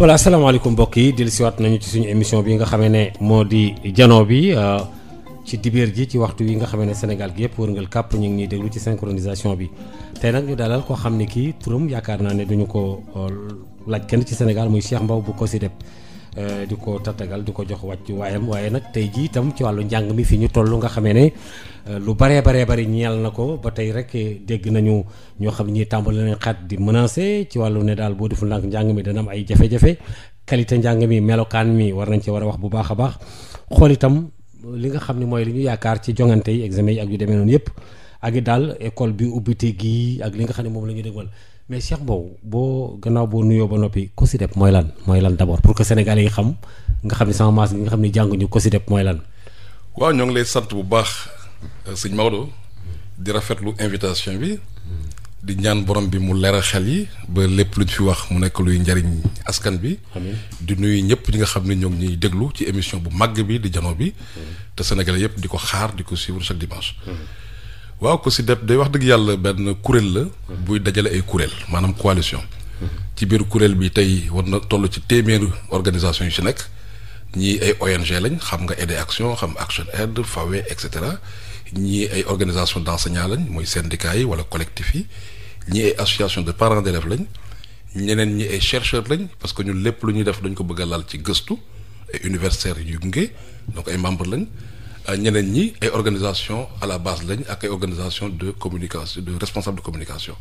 voilà asalaamaaleykum mbokk yi dellu siwaat nañu ci suñu émission bi nga xamee ne moo di jano bi euh, ci dibéer ji ci waxtu wi nga xamee ne Sénégal gi yëpp wërngal kàpp ñu ngi ñuy déglu ci synchronisation bi tey nag ñu dalal koo xam ne kii turam yaakaar naa ne duñu ko euh, laaj kenn ci Sénégal muy Cheikh Mbaw bu ko si COSYDEP Euh, di ko tatagal di ko jox wàcc waayam waaye nag tey jii itam ci wàllu njàng mi fi ñu toll nga xamee ne euh, lu baree baree bari ñeel na ko ba tey rek dégg nañu ñoo xam ñi tàmbali nañ xat di menacé ci wàllu ne daal boo deful ndànk njàng mi dana am ay jafe-jafe qualité njàng mi melokaan mi war nañ ci war a wax bu baax a baax xool itam li nga xam ne mooy li ñu yaakaar ci jongante yi examen yi ak yu demee noonu yëpp ak i daal école bi ubbite gii ak li nga xam ne moom la ñu déggoon mais Cheikh Mbow boo gannaaw boo nuyoo ba noppi COSYDEP mooy lan mooy lan d' abord pour que sénégalais yi xam nga xam ne sama maas gi nga xam ne jànguñu COSYDEP mooy lan. waaw ñoo ngi lay sant bu baax sëñ Maodo di rafetlu invitation bi di ñaan borom bi mu leeral xel yi ba lépp luñ fi wax mu nekk luy njariñ askan bi. di nuyu ñëpp ñi nga xam ne ñoo ñuy déglu ci émission bu màgg bi di jano bi. te sénégalais yëpp di ko xaar di ko suivre chaque dimanche. waaw COSYDEP day wax dëgg yàlla benn kuréel la. buy dajale ay kuréel maanaam coalition. ci biir kuréel bi tey war na toll ci téeméeru organisation yu ci nekk ñii ay ONG lañ xam nga Aide Action xam Action Aid FAWE et cetera ñii ay organisation d'enseignants lañ mooy syndicats yi wala collectif yi ñii ay association de parents d'élèves lañ ñeneen ñi ay chercheurs lañ parce que ñun lépp lu ñuy def dañ ko bëgg a laal ci gëstu ay universitaires yu nge donc ay membres lañ. Euh, ñeneen ñi ay organisation à la base lañ ak ay organisation de communication de responsable de communication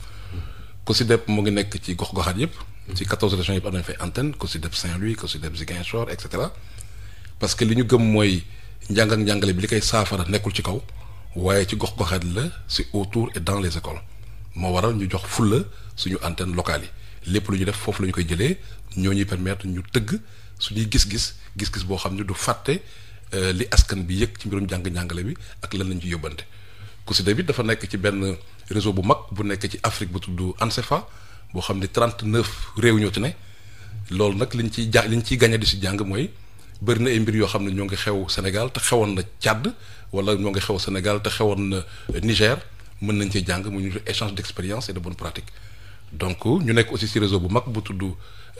COSYDEP mu ngi nekk ci gox-goxaat yëpp ci quatorze régions yëpp am nañ fay antenne COSYDEP Saint-Louis COSYDEP Ziguinchor et cetera parce que li ñu gëm mooy njàng njàngale bi li koy saafara nekkul ci kaw waaye ci gox-goxaat la si autour et dans les écoles moo waral ñu jox fulla suñu antenne locale yi lépp lu ñu def foofu la ñu koy jëlee ñoo ñuy permettre ñu tëgg su ñuy gis-gis gis-gis boo xam ne du fàtte Euh, li askan bi yëg ci mbirum jàng jàngale bi ak lan lañ ci yóbbante COSYDEP bi dafa nekk ci benn réseau bu mag bu nekk ci Afrique bu tudd ANCEFA boo xam ne trente neuf réew ñoo ci ne loolu nag liñ ciy ja liñ ciy gagné di si jàng mooy bëri na ay yoo xam ne ñoo ngi xew Sénégal te xewoon na Tchad wala ñoo ngi xew Sénégal te xewoon euh, Niger mën nañ cee jàng mu ñu échange d'expérience de bonne pratique donc ñu nekk aussi si réseau bu mag bu tudd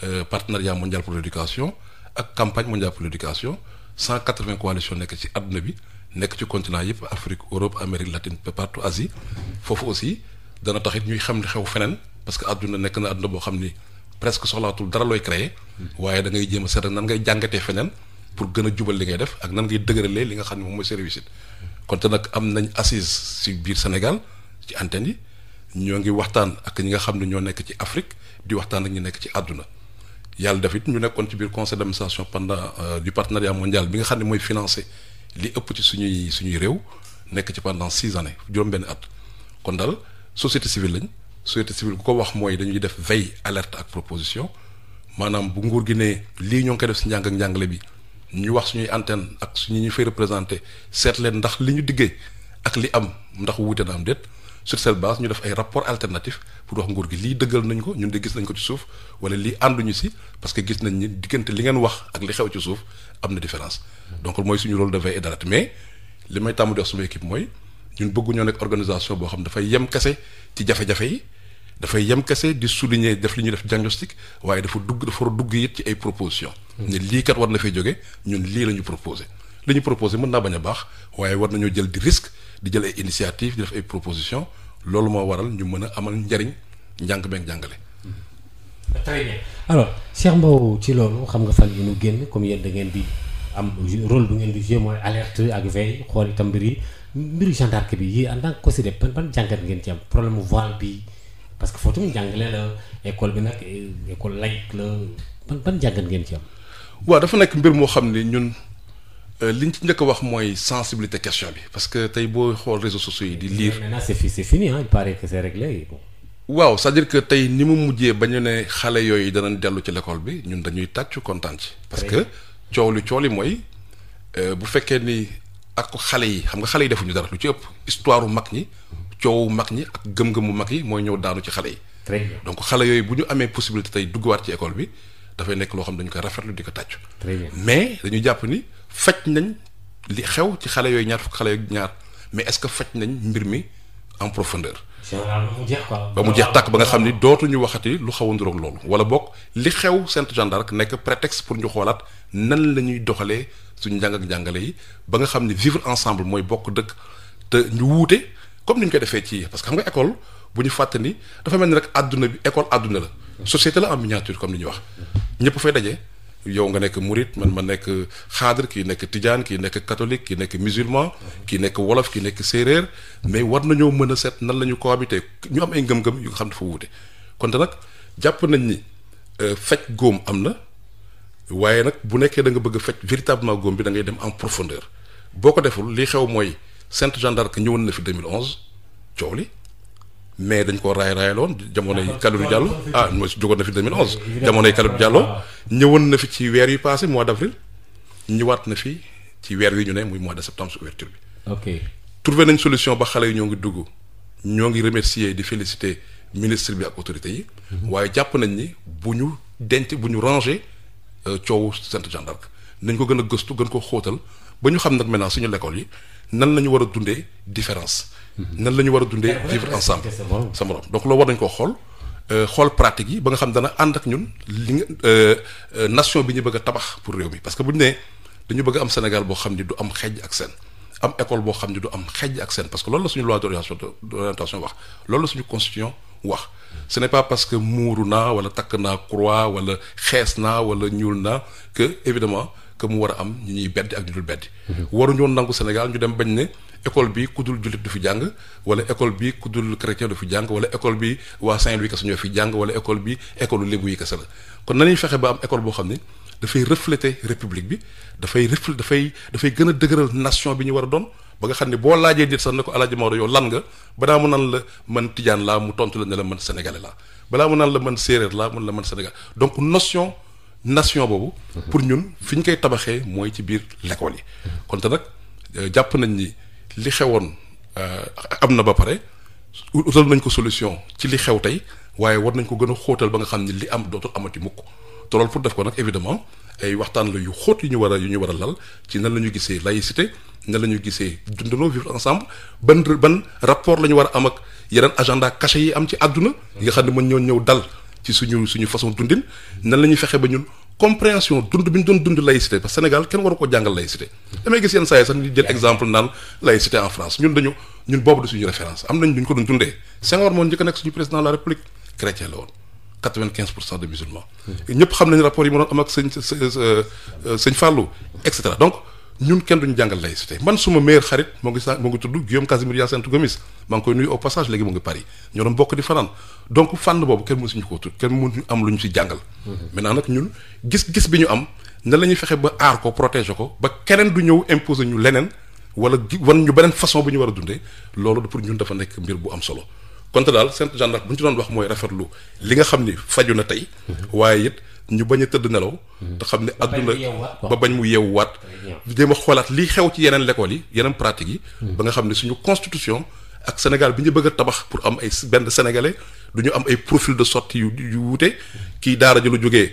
euh, partenariat mondial pour l'éducation ak campagne mondiale pour l'éducation cent quatre vingt coalition nekk ci àdduna bi nekk ci continent yëpp Afrique Europe Amérique latine partout Asie foofu aussi dana taxit ñuy xam li xew feneen parce que àdduna nekk na àdduna boo xam ni presque soxlaatul dara looy créer waaye dangay ngay jéem a seet nan ngay jàngatee feneen pour gën a jubal li ngay def ak nan ngay dëgëralee li nga xam ne moom mooy sa réussite nag am nañ assise si biir Sénégal ci antenne yi ñoo ngi waxtaan ak ñi nga xam ne ñoo nekk ci Afrique di waxtaan ak ñi nekk ci àdduna yàlla def it ñu nekkoon ci biir conseil d'administration pendant euh, du partenariat mondial bi nga xam ne mooy financé li ëpp ci suñuy suñuy réew nekk ci pendant six années juróom-benn at kon daal société civile lañ société civile ku ko wax mooy dañuy def veille alerte ak proposition maanaam bu nguur gi ne lii ñoo ngi koy def si njàng ak njàngale bi ñu wax suñuy antenne ak suñu ñu fay représenté seet leen ndax li ñu diggee ak li am ndax wuute na am déet sur cette base ñu def ay rapport alternatif pour wax nguur gi lii dëggal nañ ko ñun de gis nañ ko ci suuf wala lii ànduñu si parce que gis nañ ni diggante li ngeen wax ak li xew ci suuf am na différence donc mooy suñu loolu de veille mais li may tàmm di wax sama équipe mooy ñun bëgguñoo nekk organisation boo xam dafay yem kese ci jafe-jafe yi dafay yem kese di souligner def li ñuy def diagnostic waaye dafa dugg dafa dugg it ci ay proposition lii kat war na fay jóge ñun lii la ñu proposé li ñu proposé mën naa bañ a baax waaye war nañoo jël di risque di jël ay initiative di def ay proposition loolu moo waral ñu mën a amal njariñ njàng meeg njàngale. très bien alors Cheikh Mbow ci loolu xam nga fan yi mu génn comme yéen da ngeen di am rôle bu ngeen di jouer mooy alerte ak veille xool itam mbir yi mbiru gendarme bi yi en tant que COSYDEP ban ban jàngat ngeen ci am problème mu voile bi parce que foofu tamit jàngale la école bi nag école laïque la ban ban jàngat ngeen ci am. waaw dafa nekk mbir moo xam ne ñun. Euh, li ñu njëkk a wax mooy sensibilité question bi parce que tey boo xool réseaux sociaux yi di liir maintenant c'est fini c'est fini hein il paraît waaw c'est-à-dire que tey ni mu mujjee ba ñu ne xale yooyu danañ dellu ci lekkool bi ñun dañuy tàccu kontaan ci. parce que coow lu coow yi mooy euh, bu fekkee ni ak xale yi xam nga xale yi defuñu dara lu ci ëpp histoire mag ñi coowu mag ñi ak gëm-gëmu mag yi mooy ñëw daanu ci xale yi. donc xale yooyu bu ñu amee possibilité tey duggawaat ci école bi dafay nekk loo xam dañu koy rafetlu di ko tàccu. mais dañu jàpp ni. faj nañ li xew ci xale yooyu ñaar fukk xale yooyu ñaar mais est-ce que faj nañ mbir mi en profondeur. ba mu jeex tàkk ba nga xam ni ñu waxati lu xaw a niroog loolu. wala bokk li xew Sainte Jeanne d'Arc nekk prétexte pour ñu xoolaat nan la ñuy doxalee suñu njàng ak njàngale yi ba nga xam ni vivre ensemble mooy bokk dëkk te ñu wute comme ni ñu koy defee ci parce que xam nga école bu ñu fàtte ni dafa mel ni rek àdduna bi école àdduna la. société la en miniature comme ni ñuy wax ñëpp fay daje. yow nga nekk murit man ma nekk xaadar kii nekk tijaan kii nekk catholique kii nekk musulman kii nekk wolof ki nekk séeréer mais war nañoo mën a seet nan la ñu cohabité ñu am ay ngëm-ngëm yu nga xam dafa wuute kon nag jàpp nañ ni euh, faj góom am na waaye nag bu nekkee da nga bëgg a faj véritablement góom bi da ngay dem en profondeur boo ko deful li xew mooy Sainte Jeanne d'Arc ñëwoon na fi 2011 coow li mais dañ koo raay raayaloon ah, jamonoy Kalidou Diallo ah mo jógoon na fi 2011 jamonoy Kalidou Diallo ñëwoon na fi ci weer yu passé mois d' avril ñëwaat na fi ci weer wi ñu ne muy mois de septembre su ouverture bi. ok trouvé solution ba xale yi ñoo ngi dugg ñoo ngi remercier di féliciter ministre bi ak autorité yi. Mhm. waaye jàpp nañ ni bu ñu denc bu ñu ranger euh, coowu centre Jeanne nañ ko gën a gëstu gën ko xóotal ba ñu xam nag maintenant suñu lekkool yi nan la ñu war a dundee différence. nan la ñu war a dundee vivre ensemble sa morom donc loolu war nañu koo xool euh, xool pratique yi ba nga xam dana ànd ak ñun li nga euh, nation bi ñu bëgg a tabax pour réew mi parce que bu ñu nee dañu bëgg am Sénégal boo xam ni du am xejj ak seen am école boo xam ni du am xejj ak seen parce que loolu la suñu loi d'orientation d'orientation wax loolu la suñu constitution wax ce n'est pas parce que muuru naa wala takk naa croix wala xees naa wala ñuul naa que évidemment que mu war a am ñu ñuy beddi ak ñu dul beddi waruñoo nangu Sénégal ñu dem bañ ne école bi ku dul jullit du fi jàng wala école bi ku dul chrétien du fi jàng bi waa Saint-Louis kese ñoo fi jàng wala école bi école lébu yi kese la kon nañuy fexe ba am école boo xam ne dafay refléter république bi dafay refl dafay dafay dëgëral nation bi ñu war a doon ba nga xam ne boo laajee nit sax ne ko Alaaji Maodo yow lan nga balaa mu nan la man Tijaan laa mu tontu la ne la man Sénégalais laa balaa mu nan la man la man Sénégal donc notion nation boobu. pour ñun fi ñu koy tabaxee mooy ci biir l'école yi. konte nag euh, jàpp nañ ni li xewoon euh, am na ba pare utal nañ ko solution ci li xew tey waaye war nañ ko gën a xóotal ba nga xam ni li am dootul amati mukk te pour def ko nag évidemment ay waxtaan la yu xóot yu ñu war a yu ñu war a lal ci nan la ñu gisee laïcité nan la ñu gisee dundaloo vivre ensemble ban ban rapport la ñu war a am ak yeneen agenda caché yi am ci àdduna. yi nga xam ne mën ñoo ñëw dal. ci suñu suñu façon dundin nan la ñuy fexe ba ñun compréhension dund bi ñu doon dund laïcité parce que Sénégal kenn waru ko jàngal laïcité damay gis yenn saa yi sax ñu jël exemple naan laïcité en France ñun dañu ñun boobu du suñu référence am nañ duñ ko doon dundee Senghor moom njëkk a nekk suñu président de la République chrétien la woon 95 xam nañ rapport yi ma doon am ak sëñ sëñ Fallou et cetera donc ñun kenn duñu jàngal laïcité man suma meilleur xarit moo ngi sa moo ngi tudd Guillaume Casimir Hyacinthe Gomis maa ngi koy nuyu au passage léegi mu ngi Paris ñoo doon bokk di fanaan donc fànn boobu kenn mësuñu koo tudd kenn mënuñu am lu ñu si jàngal maintenant nag ñun gis-gis bi ñu am na la ñuy fexe ba aar ko protéger ko ba keneen du ñëw imposer ñu leneen wala gi wan ñu beneen façon bu ñu war a dundee loolu pour ñun dafa nekk mbir bu am solo konte daal seen gendarme bu ñu ci doon wax mooy rafetlu li nga xam ni faju na tey mhm. waaye it ñu bañ a tëdd nelaw mhm. te xam ne adduna ba bañ mu yeewuwaat jéem a xoolaat lii xew ci yeneen l'école yi yeneen pratique yi mhm. ba nga xam ne suñu constitution ak Sénégal bi ñu bëgg tabax pour am ay benn sénégalais du ñu am ay profil de sortie yu yu wuute kii daara ji lu jógee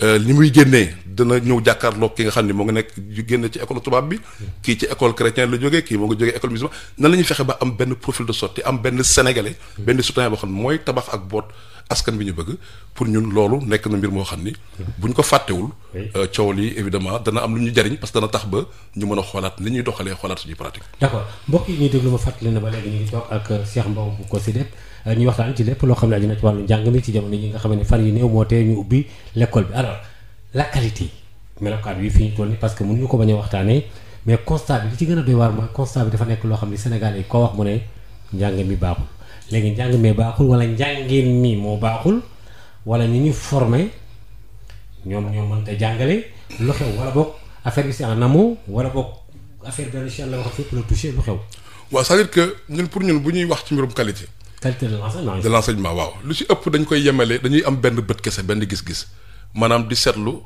li euh, muy génnee dina ñëw jàkkaarloo ki nga xam ne moo ngi nekk génne ci école tubaab bi mhm. kii ci école chrétien la jógee kii moo ngi jógee école musulman nan la ñuy fexe ba am benn profil de sortie am benn sénégalais benn citoyen boo xam ne mooy tabax ak boot askan bi ñu bëgg pour ñun loolu nekk na mbir moo xam ni buñ ko fàttewul euh, coow li évidemment dana am lu ñu jariñ parce que dana tax ba ñu mën a xoolaat li ñuy doxalee xoolaat suñuy pratique d'accord mbokk yi ñuy déglu ma fàttali na ba léegi ñu ngi toog ak euh, Cheikh Mbow ko si def euh, ñuy waxtaan ci lépp loo xam ne aju na ci wàllu njàng mi ci jamono yi nga xam ne fan yi néew moo tee ñu ubbi l'école bi alors la qualité bi fi ñu toll ni parce que mënuñu ko bañ a waxtaanee mais constat a doy dafa nekk loo xam ne Sénégal yi wax mu ne njàng mi baaxul léegi njàng ma baaxul wala njàngin mi moo baaxul wala ñu ñu formé ñoom ñoo mënta jàngale lu xew wala boog affaire bi si en amont wala boog affaire bi incha allah lu xew. waaw c'est-à-dire que ñun pour ñun bu ñuy wax ci mbirum qualité. qualité de l'enseignement de l'enseignement waaw lu ci ëpp dañ koy yemale dañuy am benn bët kese benn gis-gis maanaam di seetlu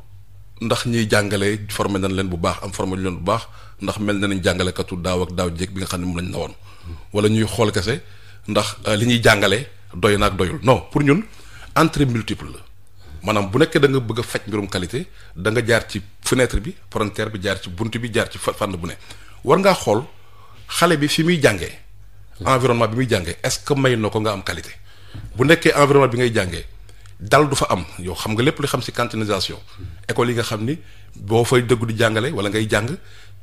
ndax ñuy jàngale forme nañ leen bu baax am formé leen bu baax ndax mel na nañ jàngalekatu daaw ak daaw jéeg bi nga xam ne moom lañ nawoon wala ñuy xool kese. ndax euh, li ñuy jàngale doy naag doyul non pour ñun entrée multiple la maanaam bu nekkee da nga bëgg faj mbirum qualité da nga jaar ci fenêtre bi frontière bi jaar ci bunt bi jaar ci fànn bu ne war ngaa xool xale bi fi muy jàngee environnement bi muy jàngee est-ce que may na ko nga am qualité bu nekkee environnement bi ngay jàngee dal du fa am yow xam nga lépp li xam si cantinisation école yi nga xam ni boo fay dëggu di jàngale wala ngay jàng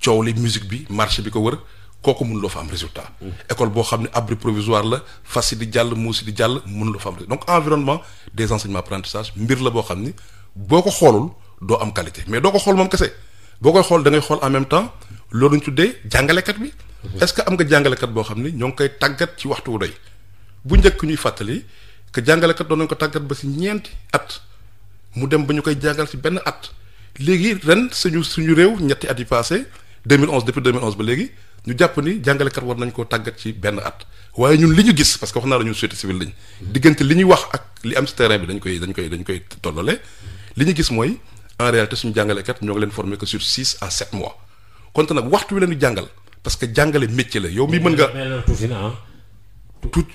coow li musique bi marché bi ko wër kooku mënuloo fa am résultat. école boo xam ne abri provisoire la fas yi di jàll muus yi di jàll mënuloo fa am donc environnement des enseignements apprentissage mbir la boo xam ni boo ko xoolul doo am qualité mais doo ko xool moom kese boo koy xool da xool en même temps loolu ñu tuddee jàngalekat bi. Mhm. est-ce que am nga jàngalekat boo xam ni ñoo ngi koy tàggat ci waxtu wu doy bu njëkk ñuy fàttali que jàngalekat doo nañ ko tàggat ba si ñeenti at mu dem ba ñu koy jàngal si benn at léegi ren suñu suñu réew ñetti at yi passé 2011 depuis 2011 ba léegi. ñu jàpp ni jàngalekat war nañ koo tàggat ci benn at waaye ñun li ñu gis parce que wax naa la ñun société civile lañ diggante li ñuy wax ak li am si terrain bi dañ koy dañ koy dañ koy tollale li ñu gis mooy en réalité suñu jàngalekat ñoo ngi leen former que sur six à sept mois konte nag waxtu wi leen di jàngal parce que jàngale métier la yow mi mën nga tuuti ah.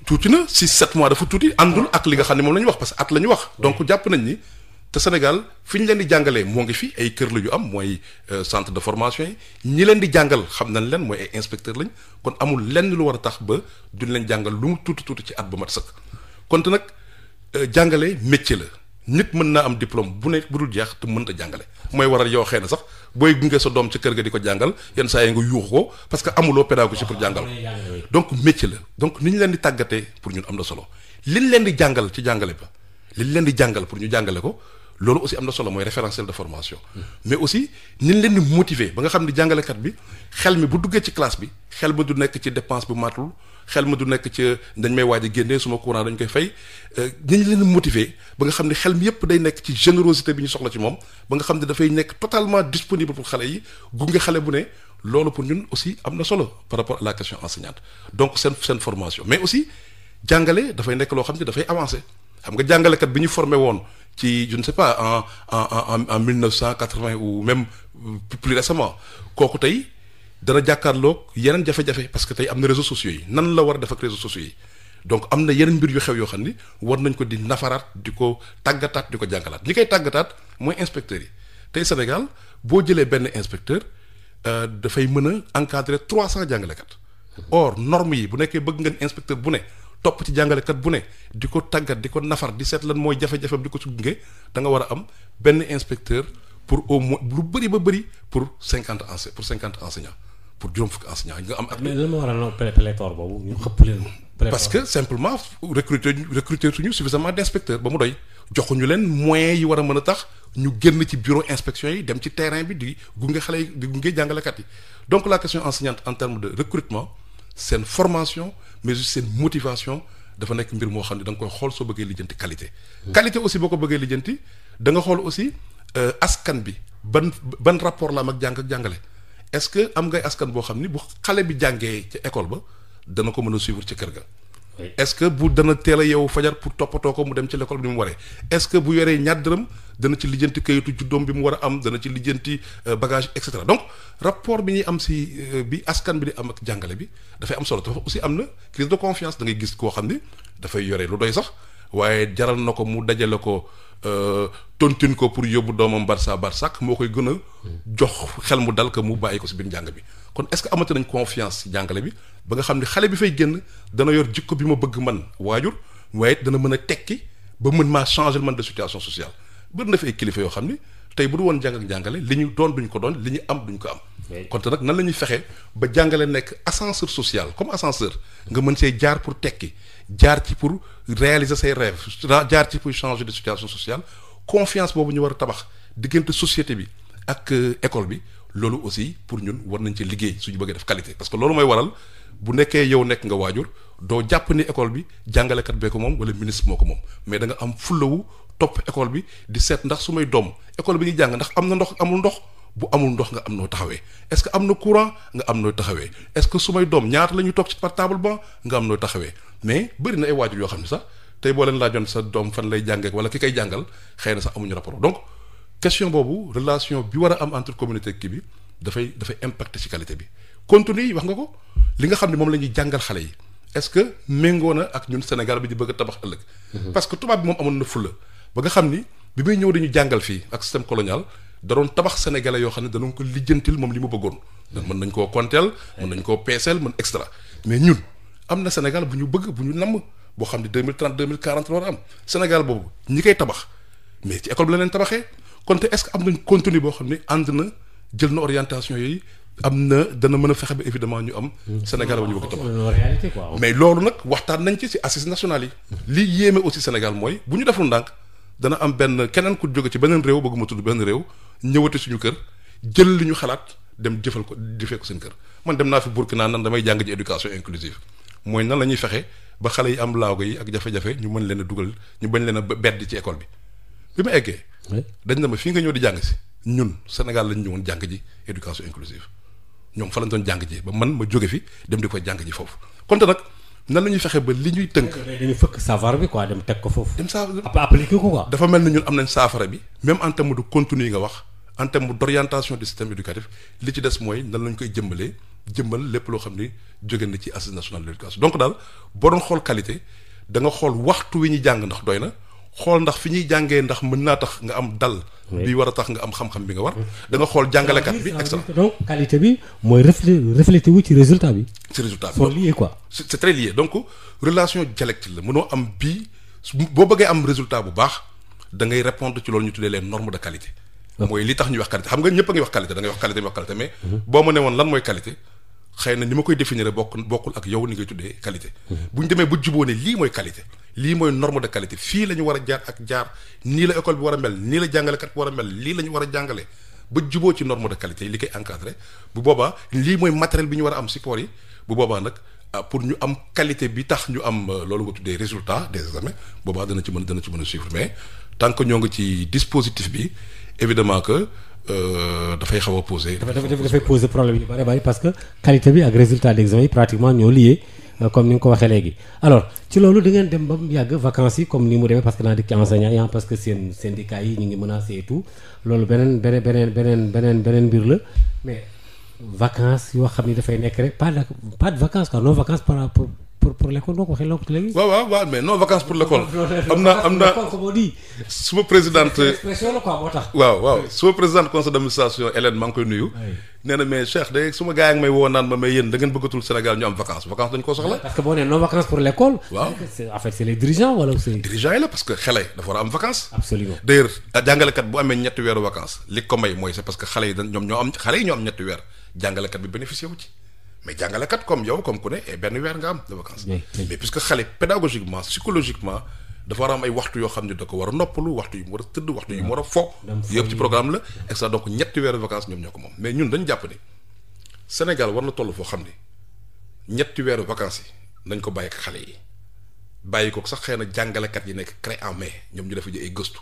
tuuti na six sept mois dafa tuuti àndul ak li nga xam ne moom la ñu wax parce que at la ñu wax donc jàpp nañ ni te Sénégal fi ñu leen di jàngalee moo ngi fi ay kër la yu am mooy euh, centre de formation yi ñi leen di jàngal xam nañ leen mooy ay inspecteur lañ kon amul lenn lu war a tax ba duñ leen jàngal lu mu tuuti tuuti ci at ba mat sëkk kon nag euh, jàngale métier la nit mën naa am diplôme bu ne bu dul jeex te mënta jàngale mooy waral yow xëy na sax booy gunge sa doom ci kër ga di ko jàngal yenn saa yi nga yuux ko parce que amuloo pédagogie pour jàngal donc métier la donc ni leen di tàggatee pour ñun am na solo liñ leen di jàngal ci jàngale li ñu leen di jàngal pour ñu jàngale ko loolu aussi am na solo mooy référentiel de formation. mais aussi ñu leen di motiver ba nga xam ni jàngalekat bi xel mi bu duggee ci classe bi xel ma du nekk ci dépense bu maatul xel ma du nekk ci dañ may waaj génne suma courant dañ koy fay euh, ñu leen di ba nga xam ni xel yëpp day nekk ci générosité bi ñu soxla ci moom ba nga xam ne dafay nekk totalement disponible pour xale yi gunge xale bu ne. loolu pour ñun aussi am na solo par rapport à la question enseignante donc seen seen formation mais aussi jàngale dafay nekk loo xam ne dafay avancer. xam nga jàngalekat bi ñu formé woon ci je ne pas en en en neuf cent quatre-vingt ou même plus récemment kooku tey dana jàkkaarloog yeneen jafe-jafe parce que tey am na réseaux sociaux yi nan la war a def ak sociaux yi donc am na yeneen mbir yu xew yoo xam ni war nañ ko di nafaraat di ko tàggataat di ko jàngalaat ñi koy tàggataat mooy inspecteurs yi tey Sénégal boo jëlee benn inspecteur euh, dafay mën a encadre trois cent jàngalekat mmh. or norme yi bu nekkee bëgg ngeen inspecteur bu ne topp ci jàngalekat bu ne di ko tàggat di ko nafar di seet lan mooy jafe-jafeem di ko ci gunge da nga war a am benn inspecteur pour au moins lu bëri ba bëri pour cinquante ense pour cinquante enseignants pour juróom fukki enseignants nga am. ak mais lan moo waral pléthore boobu ñu xëpp leen parce que simplement recruter recruter suñu suffisamment d' inspecteurs ba mu doy joxuñu leen moyens yi war a mën a tax ñu génn ci bureau inspection yi dem ci terrain bi di gunge xale yi di gunge jàngalekat yi donc la question enseignante en termes de recrutement. seen formation mais seen motivation dafa nekk mbir moo xam ne da nga koy xool soo bëggee lijjanti qualité. Hmm. qualité aussi boo ko bëggee lijjanti danga xool aussi euh, askan bi ban ban rapport la am ak jàng ak jàngale est-ce que am ngay askan boo xam ni bu xale bi jàngee ca école ba dana ko mën a suivre ca kër ga. est-ce que bu dana teel a yow fajar pour toppatoo ko mu dem ci l'école bi ni mu waree est-ce que bu yoree ñaar dërëm dana ci lijjanti kayitu juddoom bi mu war a am dana ci lijjanti euh, bagage et cetera donc rapport bi ñuy am si euh, bi askan bi di am ak jàngale bi dafay am solo dafa aussi am na crise de confiance dangay gis koo xam ni dafay yore lu doy sax waaye jaral na ko mu dajale ko. Euh, tontine ko pour yóbbu doomam saa Barça Barsak moo koy gën a jox xel mu dal que mu bàyyi ko si biir njàng bi kon est-ce que amati nañ confiance si jàngale bi ba nga xam ni xale bi fay génn dana yor jikko bi ma bëgg man waajur waaye dana mën a tekki ba mën maa changer man de situation sociale bëri na fi kilifa yoo xam ni tey bu du woon jàng ak jàngale li ñu doon duñu ko doon li ñu am duñ ko am. kon nag nan la ñuy fexe ba jàngale nekk ascenseur social comme ascenseur. nga mën see jaar pour tekki. jaar ci pour réaliser say rêves jaar ci pour changer de situation sociale confiance boobu ñu war a tabax diggante société bi ak euh, école bi loolu aussi pour ñun war nañ ci liggéey suñu bëggee def qualité parce que loolu mooy waral bu nekkee yow nekk nga waajur doo jàpp ni école bi jàngalekat bee ko moom wala ministre moo ko moom mais danga am fullawu topp école bi di seet ndax su may doom école bi ñuy jàng ndax am na ndox amul ndox bu amul ndox nga am noo taxawee est-ce que am na courant nga am noo taxawee est-ce que su may doom ñaata la toog ci par ba nga am noo taxawee mais bëri na ay waajur yoo xam ne sax tey boo leen laajoon sa doom fan lay jàngee wala ki koy jàngal xëy na sax amuñu rapport donc question boobu relation bi war am entre communauté kii bi dafay dafay impacter ci qualité bi contenu wax nga ko li nga xam ne moom la ñuy jàngal xale yi est-ce que méngoo na ak ñun Sénégal bi di bëgg tabax ëllëg. Mhm. parce que tubaab bi moom amoon na fulla ba nga xam ni bi muy ñëw dañu jàngal fii ak système colonial. da doon tabax sénégalais yoo xam ne danañ ko lijjantil moom li mu bëggoon. mën nañ koo konteel. mën nañ koo peeseel mën extra. mais ñun am na Sénégal bu ñu bëgg bu ñu namm boo xam ne deux mille trente deux war am Sénégal boobu ñi koy tabax mais ci école bi la leen est-ce que am nañ contenu boo xam ne ànd na jël na orientation yooyu am na dana mën a fexe ba évidemment ñu am. Sénégal bu ñu bëgg tabax mais loolu nag waxtaan nañ ci si assises national yi. lii yéeme aussi Sénégal mooy bu ñu deful ndànk dana am benn keneen ku jóge ci beneen réew bëgguma tudd benn réew ñëwate suñu kër jël li ñu xalaat dem jëfal ko jëfee ko seen kër man dem naa fi Burkina nan damay jàng ji éducation inclusive mooy nan la ñuy fexe ba xale yi am laago yi ak jafe-jafe ñu mën leen a dugal ñu bañ leen a bedd ci école bi bi ma eggee dañ na ma fii nga ñëw di jàng si ñun Sénégal lañ ñëwoon jàng ji éducation inclusive ñoom fa lañ doon jàng ji ba man ma jóge fi dem di koy jàng ji foofu konte nag nan la ñuy fexe ba li ñuy tënk dañuy fëkk saafara bi quoi dem teg ko foofu dem saafara appliqué ko dafa mel ni ñun am nañ saafara bi même en terme du contenu nga wax en terme d'orientation du système éducatif li ci des mooy nan lañ koy jëmbalee jëmbal lépp loo xam ni jóge na ci assise nationale de l'éducation donc daal boo doon xool qualité danga xool waxtu wi ñu jàng ndax doy na xool ndax fi ñuy jàngee ndax mën naa tax nga am dal bi war a tax nga am xam-xam bi nga war da nga xool jàngalekat bi excellent donc qualité bi mooy reflété wu ci résultat bi ci résultat bi sont liés quoi c'est très lié donc relation dialectique la mënoo am bii boo bëggee am résultat bu baax da ngay répondre ci loolu ñu tuddee les normes de qualité Ah. mooy li tax ñuy wax qualité xam nga ñëpp a ngi wax qualité da ngay wax qualité wax qualité mais mhm. boo ma ne woon lan mooy qualité xëy na ni ma koy définir bokk bokkul ak yow ni ngay tuddee qualité mhm. bu ñu demee ba juboo ne lii mooy qualité lii mooy norme de qualité fii la ñu war a jaar ak jaar nii la école bi war a mel nii la jàngalekat bi war a mel lii lañu war a jàngale ba juboo ci norme de qualité li koy encadré bu boobaa lii mooy matériel bi ñu war a am support yi bu boobaa Euh, pour ñu am qualité bi tax ñu am euh, loolu nga tuddee résultat des examens boobaa dana ci mën dana ci mën a suivre mais tant ñoo ngi ci dispositif bi évidemment que euh, dafay xaw a poser. dafay dafay poser problème yu bari bari parce que qualité bi ak résultat d'examen yi pratiquement ñoo lié comme ni nga ko waxee léegi. alors ci loolu di ngeen dem ba mu yàgg vacances yi comme ni mu demee parce que naa dikk ci enseignants yi ah, parce que seen syndicats yi ñu ngi menacé et tout beneen beneen beneen beneen beneen beneen mbir la mais. vacances yoo xam ni dafay nekk rek pas de pas de vacances quoi non vacances pour pour waaw waaw mais non vacances pour l'école. am na am na suma conseil d'administration Hélène maa koy nuyu. nee na mais Cheikh day suma gars may woo ma mais yéen da bëggatul Sénégal ñu am vacances vacances dañ koo soxla. parce boo nee non vacances pour l'école. waaw en fait c'est les dirigeants wala c'est. yi la parce que dafa war a am vacances. absolument d'ailleurs jàngalekat bu jàngalekat bi bénéficié wu ci mais jàngalekat comme yow comme ku ne eh, benn weer nga am de vacances. mais puisque xale pédagogiquement psychologiquement dafa war a am ay waxtu yoo xam ne da ko war a noppalu waxtu yu mu war a tëdd waxtu yu mu war a fo. yëpp ci programme la et ça donc ñetti weer vacances ñoom ñoo ko moom mais ñun dañ Sénégal war na toll foo xam ne ñetti weeru vacances yi nañ ko bàyyi ak xale yi bàyyi ko sax xëy na jàngalekat yi nekk cré en mai ñoom ñu dafa ji ay gëstu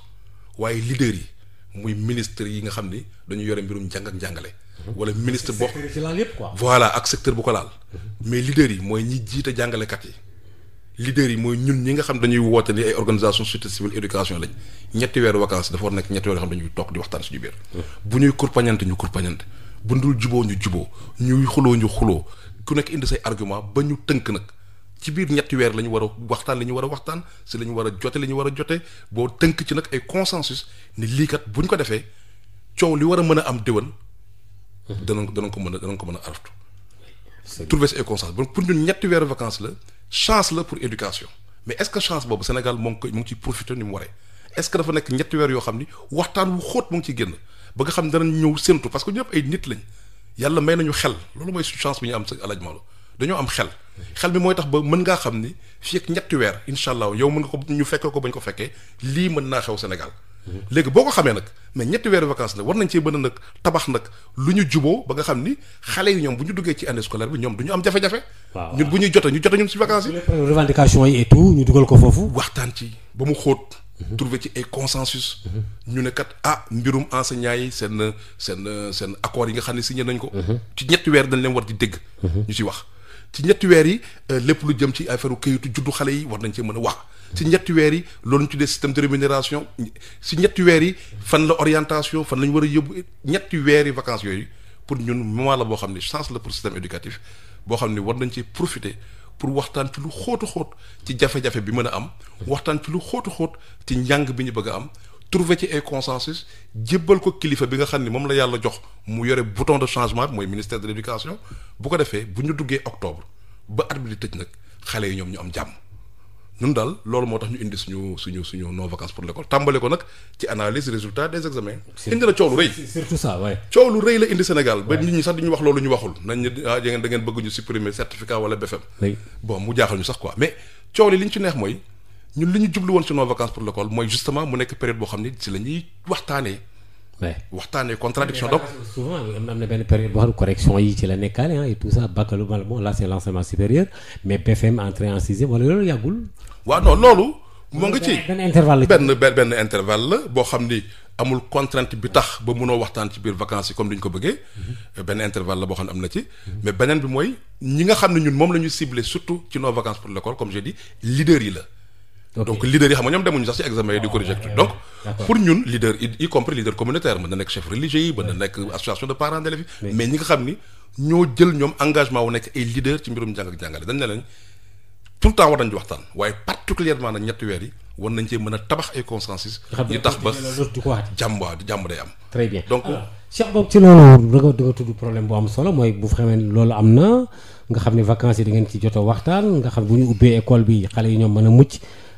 waaye leader yi muy ministre yi nga xam ni dañu yore mbirum jàng jàngale wala ministre boo voilà ak secteur bu ko laal mais leader yi mooy ñi jiita jàngalekat yi leader yi mooy ñun ñi nga xam dañuy woote ni ay organisation société civile lañ ñetti weeru vacances dafa war nekk ñetti weer yoo xam dañuy toog di waxtaan biir bu ñuy kurpañante ñu kurpañante bu dul juboo ñu juboo ñuy xuloo ñu xuloo ku nekk indi say argument ba ñu tënk nag ci biir ñetti weer la ñu war a waxtaan li ñu war a waxtaan si la ñu war a jote li war a jote boo tënk ci nag ay consensus ni lii kat bu ñu ko defee coow li war a mën a am déwén danañ ko danañ ko mën a danañ ko mën a araftu trouver sa conscience bon pour ñun ñetti weeru la chance la pour éducation mais est ce que chance boobu Sénégal moo ngi koy mu ngi ciy profité ni mu waree est ce que dafa nekk ñetti yoo xam ni waxtaan wu xóot mu ngi ciy génn ba nga xam ne danañ ñëw séntu parce que ñëpp ay nit lañ yàlla may na ñu xel loolu mooy chance bi ñu am sa alaj Maodo dañoo am xel xel bi mooy tax ba mën ngaa xam ni fii ak ñetti weer incha allah yow mën nga ko ñu fekkee ko bañ ko fekkee lii mën naa xew Sénégal léegi boo ko xamee nag mais ñetti weeru vacances nag war nañ cee mën a nag tabax nag lu ñu juboo ba nga xam ni xale yi ñoom bu ñu duggee ci année scolaire bi ñoom du ñu am jafe-jafe ñun bu ñu jota ñu jota ñun si vacances yi yi et ñu dugal ko foofu waxtaan ci ba mu xóot mhm. trouver ci ay consensus mhm. ñu ne kat ah mbirum enseignants yi seen seen seen accords yi nga xam ne si signé nañ ko mhm. ci ñetti weer dañ leen war di dégg ñu ci wax ci ñetti weer yi euh, lépp lu jëm ci affaire këyitu juddu xale yi war nañ cee mën a wax ci ñetti weer yi loolu ñu ci tuddee système de rémunération si ñetti weer yi fan la orientation fan la ñu war a yóbbu ñetti weeri yi yooyu pour ñun moment la boo xam ne chance la pour système éducatif boo xam ne war nañ ci profité pour waxtaan ci lu xóotu xóot ci jafe-jafe bi mën a am waxtaan ci lu xóotu xóot ci njàng bi ñu bëgg a am trouver ci ay consensus jébbal ko kilifa bi nga xam ni moom la yàlla jox mu yore bouton de changement mooy ministère de l'éducation bu ko defee bu ñu duggee octobre ba at bi di tëj nag xale yi ñoom ñu am jàmm ñun daal loolu moo tax ñu indi suñu suñu suñu non vacances pour l'école tàmbale ko nag ci analyse résultat des examens indi na coow lu rëy coow lu rëy la indi Sénégal ba nit ñi sax duñu wax loolu ñu waxul nañ ne ah, da ngeen da ngeen bëgg ñu mu jaaxal ñu sax quoi mais li ñu ci neex mooy ñun li ñu jublu woon ci nos vacances pour l'école mooy justement mu nekk période boo xam ne ci la ñuy waxtaanee. waxtaanee contradiction donc souvent am na benn période boo xam ne correction ci la nekkaale ah et tout ça baccalauréat bon là c'est l'enseignement supérieur loolu yàggul. waaw non loolu. moo ngi benn intervalle la boo xam ni amul contrainte bi tax ba mënoo waxtaan ci biir vacances yi comme ni ñu ko bëggee. Mm-hmm. benn intervalle la boo xam ne am na ci. mais beneen bi mooy ñi nga xam ne ñun moom la ñu ciblé surtout ci nos vacances pour l'école comme j'ai dit leader yi la. donc leader yi xam nga ñoom demuñu sax ci examen yi di corriger donc pour ñun leader y compris leader communautaire nekk chef mais ñi nga xam ni ñoo jël ñoom engagement wu nekk ay leader ci mbirum jàng ak jàngale dañ ne lañ tout le temps war nañu waxtaan waaye particulièrement nag ñetti weer yi war nañ cee mën a tabax ay consensus ñu tax ba jàmm waa jàmm day am très bien donc Cheikh boobu ci loolu da nga da problème bu am solo mooy bu xamee loolu am na nga xam ne vacances yi da ngeen ci nga xam bu ñu ubbee xale yi ñoom mën a mucc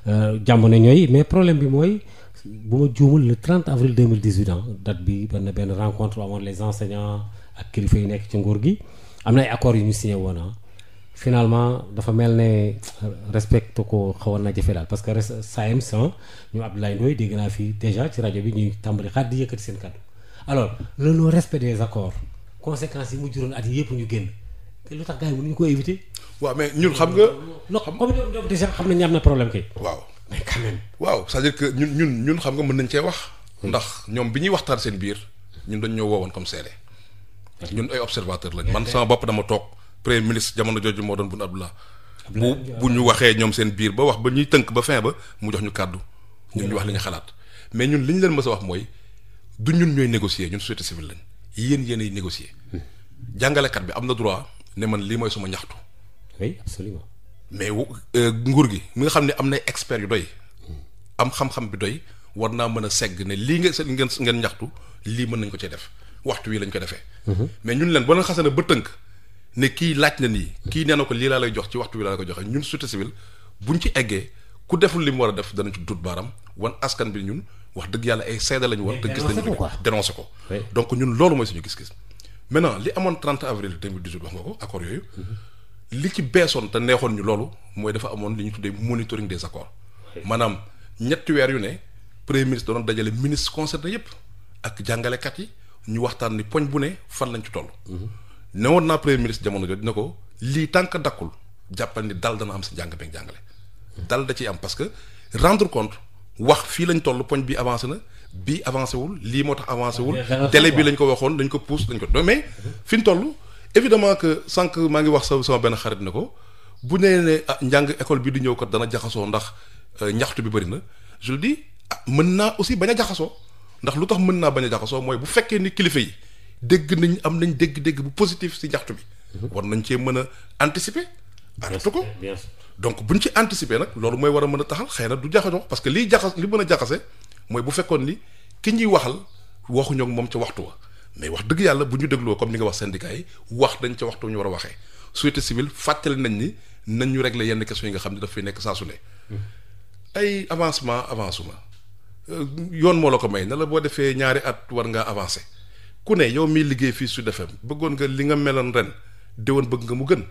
Euh, jamono ñooy mais problème bi mooy bu ma juumul le 30 avril 2018 ah date bi benn benn rencontre amoon les enseignants ak kilifa yi nekk ci nguur gi am na ay accords yu ñu signé woon ah finalement dafa mel ne respecte ko xawoon na jafe daal parce que SAEMS ah, ñu Abdoulaye Ndoye dégg naa fii déjà ci rajo bi ñuy tàmbali xaar di yëkkati seen kàddu alors le non respect des accords conséquences yi mu juróon at yi yëpp ñu génn te lu tax gars yi mënuñu ko éviter. waaw mais ñun xam nga. non xam nañ am na problème kay. waaw waaw c'est-à-dire que ñun ñun ñun xam nga mën nañ cee wax. ndax ñoom bi ñuy waxtaan seen biir ñun dañ ñoo woowoon comme seede. ñun ay observateur lañ. man sama bopp dama toog premier ministre jamono jooju moo doon Boun Abdallah bu bu ñu waxee ñoom seen biir ba wax ba ñuy tënk ba fin ba mu jox ñu kàddu ñun ñu wax li ñu xalaat mais ñun li ñu leen mës a wax mooy du ñun ñooy négocier ñun société civile lañ yéen yéenay négocier hmm. jàngalekat bi am na droit ne man lii mooy suma ñaxtu oui absolument mais euh, nguur gi mi nga xam ne am nay experts yu doy am xam-xam bi doy war naa mën a segg ne lii nga ngeen ngeen ñaxtu lii mën nañ ko ci def waxtu wii lañ ko defee mhm. mais ñun leen ba leen xasee na ba tënk ne kii laaj na nii kii nee na ko lii laa lay jox ci waxtu wi laa la ko joxe ñun société civile buñ ci eggee ku deful li mu war a def danañ ci dut baaram wan askan bi ñun wax dëgg yàlla ay seede lañu woon te gis nañu dénoncé ko donc ñun loolu mooy suñu gis-gis maintenant li amoon 30 avril 2018 ko yooyu mhm. li ci beesoon te neexoon ñu loolu mooy dafa amoon li ñu tuddee monitoring des accords maanaam ñetti weer yu ne premier ministre doon dajale ministre concerné yépp ak jàngalekat yi ñu waxtaan ni poñ bu ne fan lañ ci toll mhm. ne woon naa premier ministre jamono jooju dina ko lii tànk dakkul jàppal ni dal dana am si jàng beeg jàngale mhm. dal da ci am parce que rendre compte wax fii lañ toll poñ bi avancé na bii avancé wul lii moo tax avancé wul délai bi lañ ko waxoon dañ ko pousse dañ ko mais mhm. fi ñu toll évidemment que sànq maa ngi wax sa sama benn xarit ne ko bu nee ah njàng école bi di ñëw ko dana jaxasoo ndax euh, ñaxtu bi bëri na je le ah, mën naa aussi bañ a jaxasoo ndax lu tax mën naa bañ a mooy bu fekkee ni kilifa dégg nañ am nañ dégg-dégg bu positif si ñaxtu bi. Mhm. war nañ cee mën a anticiper. arrêté ko donc buñ ci anticiper nag loolu mooy war a mën a taxal xëy na du jaxasoo parce que liy jaxas li mën a jaxase mooy bu fekkoon ni ki ñuy waxal waxuñoo moom ca waxtu wa. mais wax dëgg yàlla bu ñu dégloo comme ni nga wax syndicat yi wax dañ ca waxtu ñu war a waxee société civile fàttali nañ ni nañ ñu régler yenn questions yi nga xam ne dafay nekk saa su ne ay avancement avancement euh, yoon moo la ko may na la boo defee ñaari at war ngaa avancer ku ne yow miy liggéey fii su FM bëggoon nga li nga meloon ren déwoon bëgg nga mu gën.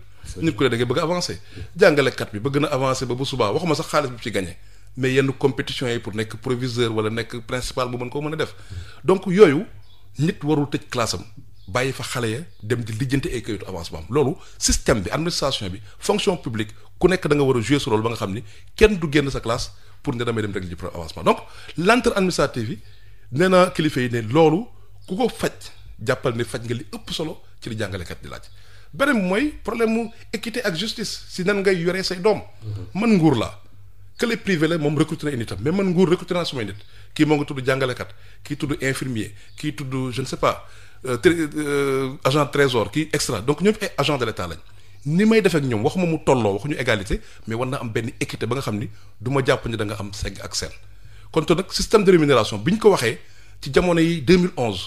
nit ku ne da bëgg a avancer. jàngalekat bi bëgg na avancer ba bu subaa waxuma sax xaalis bi ci gagné mais yenn compétition yi pour nekk proviseur wala nekk principal bu mën mën a def donc yooyu. nit warul tëj classe am bàyyi fa xale ya dem di lijjanti ay kayitu avancement am loolu système bi administration bi fonction publique ku nekk da nga war a jouer sa rôle ba nga xam ni kenn du génn sa classe pour ne damay dem rek ji pro avancement donc lenteur administrative yi nee na kilifa yi ne loolu ku ko faj jàppal ne faj nga li ëpp solo ci li jàngalekat di laaj beneen mooy problème mu équité ak justice si nan ngay yoree say doom. Mhm. man nguur laa kële privé la moom recruté na ay nitam mais man nguur recruté naa kii moo ngi tudd jàngalekat kii tudd infirmier kii tudd je ne pas pas euh, euh, agent trésor kii extra donc ñoom ay agent de l'état lañ ni may defek ñoom waxuma mu tolloo waxuñu égalité mais war na am benn équité ba nga xam ni duma ma jàpp ni da am segg ak seen kon te nag système de rémunération bi ñu ko waxee ci jamono yi 2011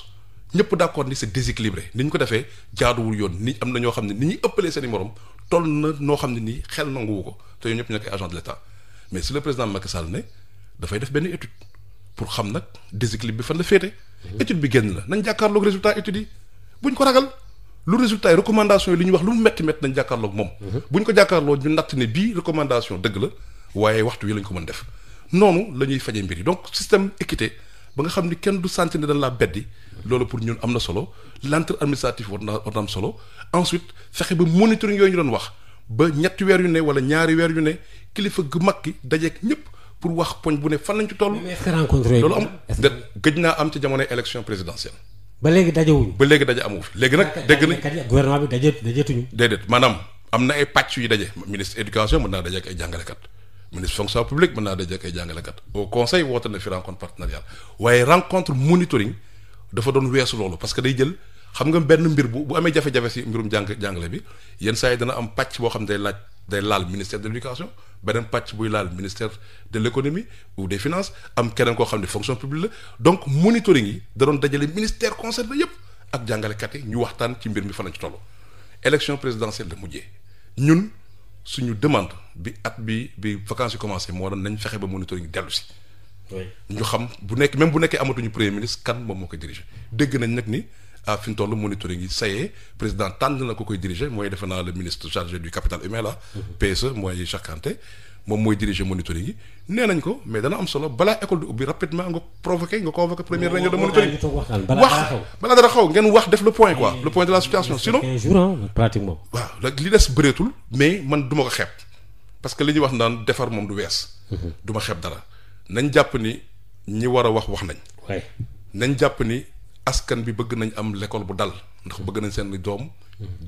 ñëpp d'accord ni c'est déséquilibré ni ñu ko defee jaaduwul yoon ni am na ñoo xam ne ni ñuy ëppalee seen i morom toll na noo xam ne nii xel nanguwu ko te ñëpp ñu nekk ay agent mais si le président Macky Sall ne dafay def benn étude pour xam nag déséquilibre bi fan la féete. étude bi génn la nañ jàkkaarloog résultat études yi buñ ko ragal lu résultat yi recommandation yi li ñu wax lu mu métti métti nañ jàkkaarloog moom. buñ ko jàkkaarloo ñu natt ne bii recommandation dëgg la waaye waxtu yi lañ ko mën def noonu la ñuy fajee mbir yi donc système équité ba nga xam ni kenn du sentir ne dañ laa beddi loolu pour ñun am na solo lentre administratif war na war na am solo ensuite fexe ba monitoring yooyu ñu doon wax ba ñetti yu ne wala ñaari weer yu ne kilifa gu mag gi dajeeg ñëpp. pour wax poñ bu ne fan lañ ci toll. loolu am gëj naa am ci jamonoy élection présidentielle. ba léegi daje ba léegi daje amu fi léegi nag. Ah, dégg na gouvernement bi daje dajetuñu. déedéet maanaam am na ay pàcc yu daje ministre éducation mën naa daje ak ay jàngalekat ministre fonction publique mën naa daje ak ay jàngalekat au conseil woote na fi rencontre partenariat waaye rencontre monitoring dafa doon weesu loolu parce que day jël xam nga benn mbi bu bu amee jafe si mbirum jàng jàngale bi yenn saa yi dana am pàcc boo xam ne day laaj day laal ministère de l'éducation beneen pàcc buy laal ministère de l'économie ou des finance am keneen koo xam ne fonction publique la donc monitoring yi da doon dajale ministère concerné yëpp ak jàngalekat yi ñu waxtaan ci mbir mi fan ñu ci toll. élection présidentielle la mujjee ñun suñu demande bi at bi bi vacances yi commencé moo doon nañ fexe ba monitoring dellu si. ñu xam bu nekk même bu nekkee amatuñu premier ministre kan moom moo ko dirigé dégg nañ nag ni. ah fi mu toll monitoring yi ça président tànn na ko koy diriger mooy defe naa le ministre chargé du capital humain là. Mhm. PSE mooy Cheikh Kanté moom mooy diriger monitoring yi nee nañ ko mais dana am solo balaa école di ubbi rapidement nga provoqué nga convoqué première réunion de monitoring wax balaa dara xaw ngeen wax def le point quoi le point de la situation sinon li des bëreetul mais man du ma ko xeeb parce que li ñuy wax naan defar moom du wees mhm. du ma xeeb dara nañ jàpp ni ñi war a wax wax nañ nañ jàpp ni askan bi bëgg nañ am lekkool bu dal ndax bëgg nañ seen doom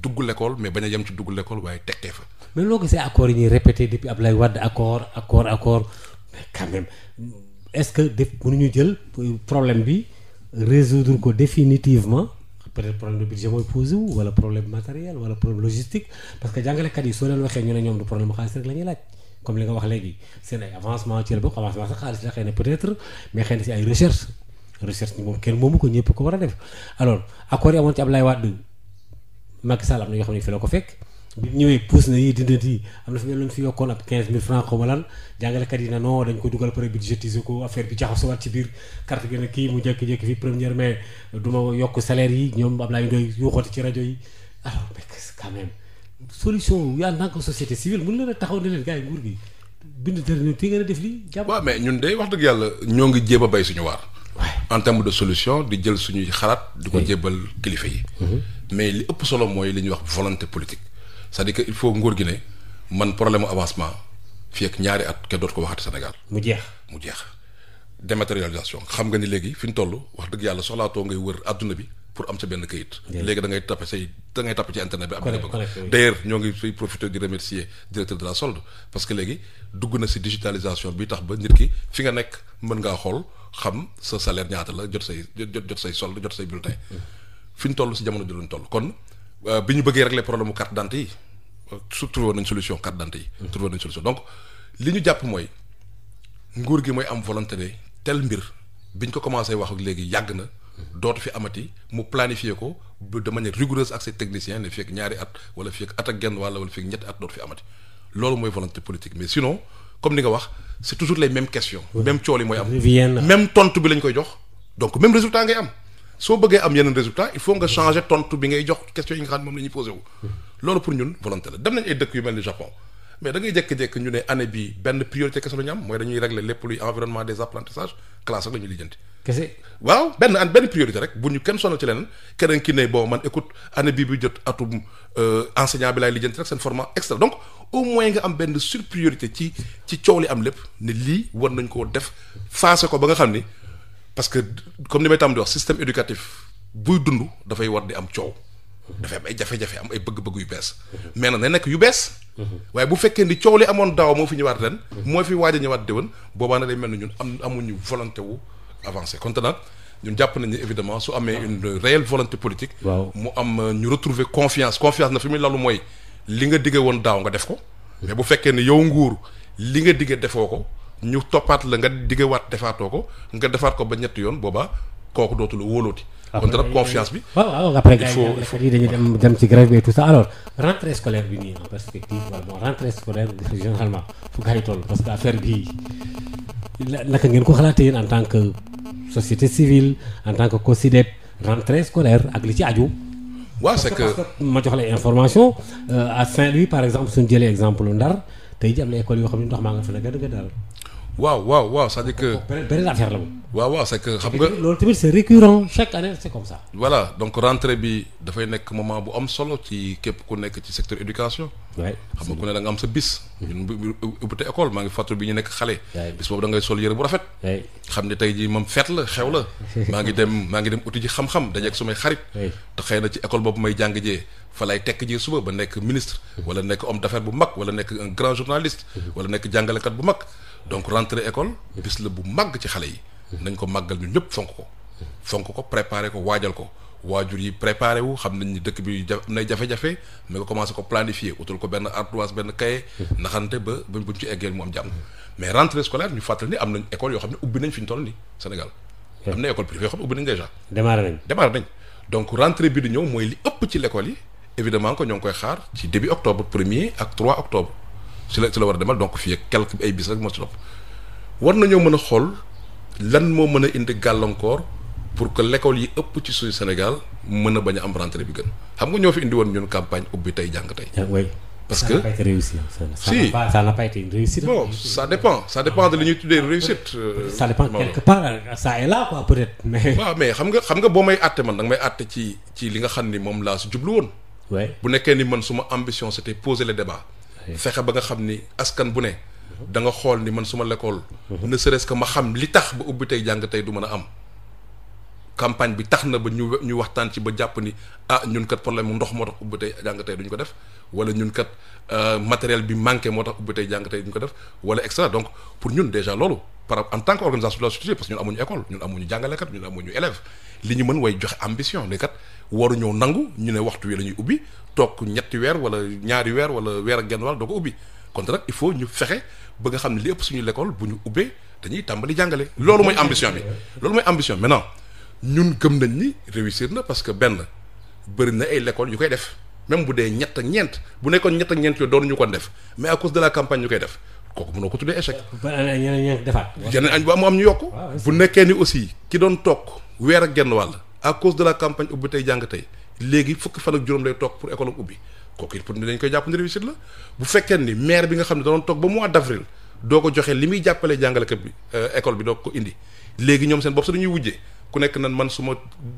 dugg l'école mais bañ a yem ci dugg l'école waaye tekkee fa mais loo gisee accords yi ñuy répété depuis Abdoulaye Wade accord accord accord mais quand même est-ce que def mënuñu jël logistique parce que jàngalekat yi soo leen waxee ñu ne ñoom du problème xaalis rek la ñuy laaj comme li nga wax léegi seen ay avancement ci la bokk avancement sax xaalis la xëy na peut-être mais xëy na si ay recherche recherche moom kenn moomu ko ñëpp ko war a def alors accord yi amoon ci Abdoulaye Wade Macky Sall am fi la ko fekk bi ñëwee puus na yi am na fi ñu fi yokkoon ak 15000 francs xaw ma lan jàngalekat yi ne ci rajo yi alors mais solution yaa en société civile mën leen a taxaw ne leen gars yi nguur gi bind dërëñu te ngeen a def lii jàpp waaw mais ñun day wax dëgg yàlla ñoo ngi jéem a bay suñu waar en terme de solution di jël suñuy xalaat di ko jébbal kilifa yi mhm. mais li ëpp solo mooy li ñuy wax volonté politique cest di dire il faut nguur gi ne man problème avancement fii ak ñaari at kenn doot ko waxati Sénégal mu jeex mu jeex dématérialisation xam nga ni léegi fi ñu toll wax dëgg yàlla soxlaatoo ngay wër àdduna bi pour am sa benn kayit léegi da ngay tappe say da ngay tappe ci internet bi am na bëgg d'ailleurs ñoo ngi fay profiter di remercier directeur de parce que léegi dugg na si digitalisation bi tax ba nit ki fi nga nekk mën ngaa xool xam sa salaire ñaata la jot say jot jot say solde jot say bulletin fi ñu toll si jamono ji lañ toll kon euh, bi ñu bëggee régler problème mu carte d'identité yi su trouvé nañ solution carte d'identité yi mmh. trouvé nañ solution donc li ñu jàpp mooy nguur gi mooy am volonté ne tel mbir bi biñ ko commencé wax ak léegi yàgg na mmh. dootu fi amati mu planifier ko de manière rigoureuse ak ses techniciens ne fekk ñaari at wala fekk at ak genn wàll fi fekk ñetti at dootu fi amati loolu mooy volonté politique mais sinon comme ni nga wax c'est toujours les mêmes questions. même cool yi mooy am. même tontu bi lañ koy jox. donc même résultat ngay am soo bëggee am yeneen résultat il faut nga changer tontu bi ngay jox question yi nga xam ne moom la ñuy loolu pour ñun volonté la dem nañ ay dëkk yu mel ni Japon mais da ngay jékki-jékki ñu ne année bi benn priorité kese la ñu am mooy dañuy régler lépp luy environnement des apprentissages classe ak la ñuy lijjanti. kese waaw benn an benn priorité rek bu ñu kenn sonal ci leneen keneen ki ne bon man écoute année bii bi jot atum euh, enseignant bi laay lijjanti rek seen format extra donc au moins nga am benn sur priorité ci ci coow li am lépp ne lii war nañ koo def faase ko ba nga xam ni parce que comme ni may tam di wax système éducatif buy dund dafay war di am coow. dafay am ay jafe-jafe am ay bëgg-bëgg yu bees mais nag na nekk yu bees waaye bu fekkee ni coow li amoon daaw moo fi ñëwaat ren moo fi waaj a ñëwaat déwén boobaa na lay mel na ñun am amuñu volonté wu avancé kon nag ñun jàpp nañu évidemment su amee une réelle volonté politique mu am ñu retrouver confiance confiance na fi muy lalu mooy li nga digge woon daaw nga def ko mais bu fekkee ni yow nguur li nga digge defoo ko ñu toppaat la nga diggewaat defaatoo ko nga defaat ko ba ñetti yoon boobaa kooku dootu la wóolooti kon dara confiance bi. waaw waaw après gars yi dañuy dem dem ci grève bi tout ça alors rentrée scolaire bi nii en perspective wala bon rentrée scolaire généralement fu gars yi toll parce que affaire bi naka ngeen ko xalaatee yéen en tant que société civile en tant que COSYDEP rentrée scolaire ak li ci aju. waaw que ma jox la information euh, à Saint-Louis par exemple suñu jëlee exemple Ndar te jii am na école yoo xam ne ndox maa nga fa la gën a gën waaw waaw waaw c'est-à-dire que. waaw waaw c'est xam nga. loolu tamit c'est récurrent chaque année c'est comme ça. donc rentrée bi dafay nekk moment bu am solo ci képp ku nekk ci secteur éducation. xam nga ku ne da am sa bis. Mm-hmm. ñun bu école maa ngi fàttali bi ñu nekk xale. bis boobu da ngay sol yére bu rafet. xam ne tey jii moom feet la xew la. maa ngi dem maa ngi dem uti ji xam-xam dajeeg sumay xarit. te xëy na ci école boobu may jàng jee. fa lay tekk ji suba ba nekk ministre. Mm-hmm. wala nekk homme d'affaires bu mag wala nekk un grand journaliste. Mm-hmm. wala nekk jàngalekat bu mag donc rentrée école bis la bu màgg ci xale yi nañ ko màggal ñu ñëpp fonk ko fonk ko préparer ko waajal ko waajur yi préparé wu xam nañ ni dëkk bi ja am nay jafe-jafe mais nga commencé ko planifier utul ko benn ardoise benn kaye naxante ba ba buñ ci eggee mu am jàmm mais rentrée scolaire ñu fàttali ni am nañ école yoo xam ne ubbi nañ fi ñu toll ni Sénégal am na école privée yoo xam ne ubbi nañ déjà démarré nañ démarré nañ donc rentrée bi di ñëw mooy li ëpp ci l'école yi évidemment que ñoo ngi koy xaar ci début octobre premier ak 3 octobre ci la ci la war a demal donc fii ak quelque ay bis rek moo ci topp war nañoo mën a xool lan moo mën a indi gàllankoor pour que l'école yi ëpp ci suñu Sénégal mën a bañ a am rentrée bi gën xam nga ñoo fi indi woon ñun campagne ubbi tey jàng tey. Eh, parce que ça n'a pas été réussi. si ça n'a euh, pas xam nga xam nga boo may àtte man danga may àtte ci ci li nga xam ni moom laa si jublu woon. bu nekkee ni man suma ambition c'était poser le débat. fexe ba nga xam ni askan bu ne da nga xool ni man suma lekkool ne serait-ce que ma xam li tax ba ubbi tey jàng tey du mën a am campagne bi tax na ba ñu ñu waxtaan ci ba jàpp ni ah ñun kat problème mu ndox moo tax ubbi tey jàng tey duñ ko def wala ñun kat euh, matériel bi manqué moo tax ubbi tey jàng tey duñ ko def wala extra donc pour ñun déjà loolu par en tant que organisation de la société parce que ñun amuñu école ñun amuñu jàngalekat ñun amuñu élève li ñu mën way joxe ambition ne kat waruñoo nangu ñu ne waxtu wi la ñuy ubbi toog ñetti weer wala ñaari weer wala weer ak genn wàll doo ko ubbi kon nag il faut ñu fexe ba nga xam ne li ëpp suñu l'école bu ñu ubbee dañuy tàmbali jàngale. loolu mooy ambition bi loolu mooy ambition maintenant ñun gëm nañ ni réussir na parce que benn bëri na ay l'école yu koy def même bu dee ñett ñeent bu nekkoon ñett ak ñeent yooyu ñu ko def mais à cause de la campagne ñu koy def kooku mënoo ko tuddee échec. yeneen ñeent defaat. yeneen añ bu am am ñu yokk. Ah, bu nekkee ni aussi ki doon toog weer ak genn wàll. à cause de la campagne ubbi tey jàng tey léegi fukki fan ak juróom lay toog pour école am ubbi kooku it pour ni dañ koy jàpp ni réussite la bu fekkee ni maire bi nga xam ne da doon toog ba mois d' avril doo ko joxe li muy jàppale jàngalekat bi euh, école bi doo ko indi léegi ñoom seen bopp sa dañuy wujjee ku nekk nan man suma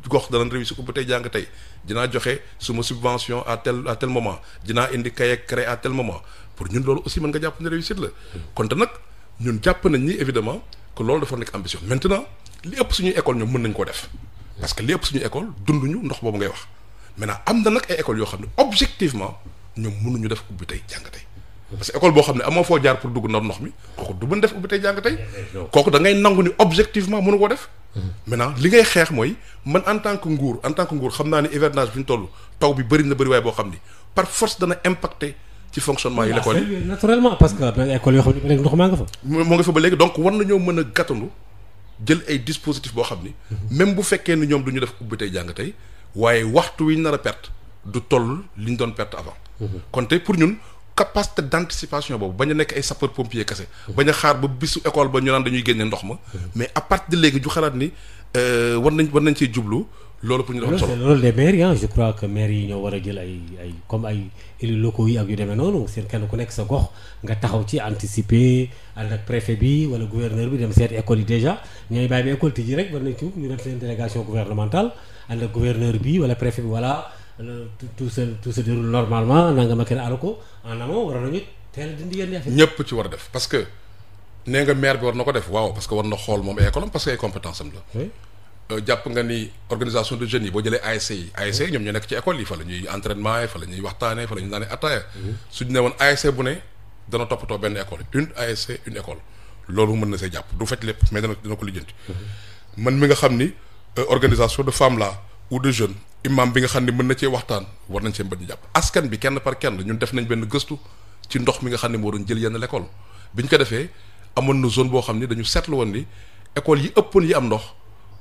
gox danañ réussir ubbi tey jàng tey dinaa joxe suma subvention à tel à tel moment dinaa indi cahier créé à tel moment pour ñun loolu aussi mën nga jàpp ni réussite la kon te nag ñun jàpp nañ ni évidemment que loolu dafa nekk ambition maintenant li ëpp suñuy école ñoom mën nañ koo def parce que lépp suñu école dunduñu ndox boobu ngay wax maintenant am na nag ay école yoo xam ne objectivement ñoom mënuñu def ubbi tey jàng tey parce que école boo xam ne amoo foo jaar pour dugg ndaw ndox mi kooku du mën def ubbi tey jàng tey kooku da nangu ni objectivement mënu ko def maintenant li ngay xeex mooy man en tant que nguur en tant que nguur xam naa ni hivernage bi ñu toll taw bi bëri na bëri waaye boo xam ni par force dana impacter ci fonctionnement léegi ndox maa nga fa jël ay dispositif boo xam ni. même bu fekkee ni ñoom du ñu def ubbi tey jàng tey waaye waxtu wi ñu nar a perte du tollu li ñu doon perte avant. kon tey pour ñun capacité d' anticipation boobu bañ a nekk ay sapeur pompier kese. bañ a xaar ba bisu école ba ñu naan dañuy génnee ndox ma. Hmm. mais à de léegi ju xalaat ni euh, war nañ war nañ cee jublu. loolu pour ñu dafa solo loolu des maires je crois que maires yi ñoo war a jël ay comme ay élus locaux yi ak yu demee noonu seen kenn ku nekk sa gox nga taxaw ci anticiper ànd ak préfet bi wala gouverneur bi dem seet école yi déjà ñooy bàyyi ba école tijji rek war nañ ci ñu def bi wala préfet bi voilà tout se tout se déroule normalement nanga ma kenn aru ko en amont war nañu teel dindi yenn affaire ñëpp ci war a def parce que nee nga maire bi war na ko def waaw parce que war na xool moom ay parce que ay Euh, jàpp nga ni organisation de jeunes yi boo jëlee ASC yi mm-hmm. ASC yi ñoom ñoo nekk ci école yi fa la ñuy entraînement yi fa la ñuy waxtaane fa la ñuy naanee ataaya mm-hmm. suñu ne woon ASC bu ne dana toppatoo benn école une ASC une école loolu mën na see jàpp du faj lépp mais dana dana ko lijjanti mm-hmm. man mi nga xam ni euh, organisation de femmes la ou de jeunes imam bi nga xam ni mën na cee waxtaan war nañ cee mbët ñu jàpp askan bi kenn par kenn ñun def nañ benn gëstu ci ndox mi nga xam ne moo doon jël yenn l'école bi ñu ko defee amoon na zone boo xam ni dañu seetlu woon ni école yi ëpp yi am ndox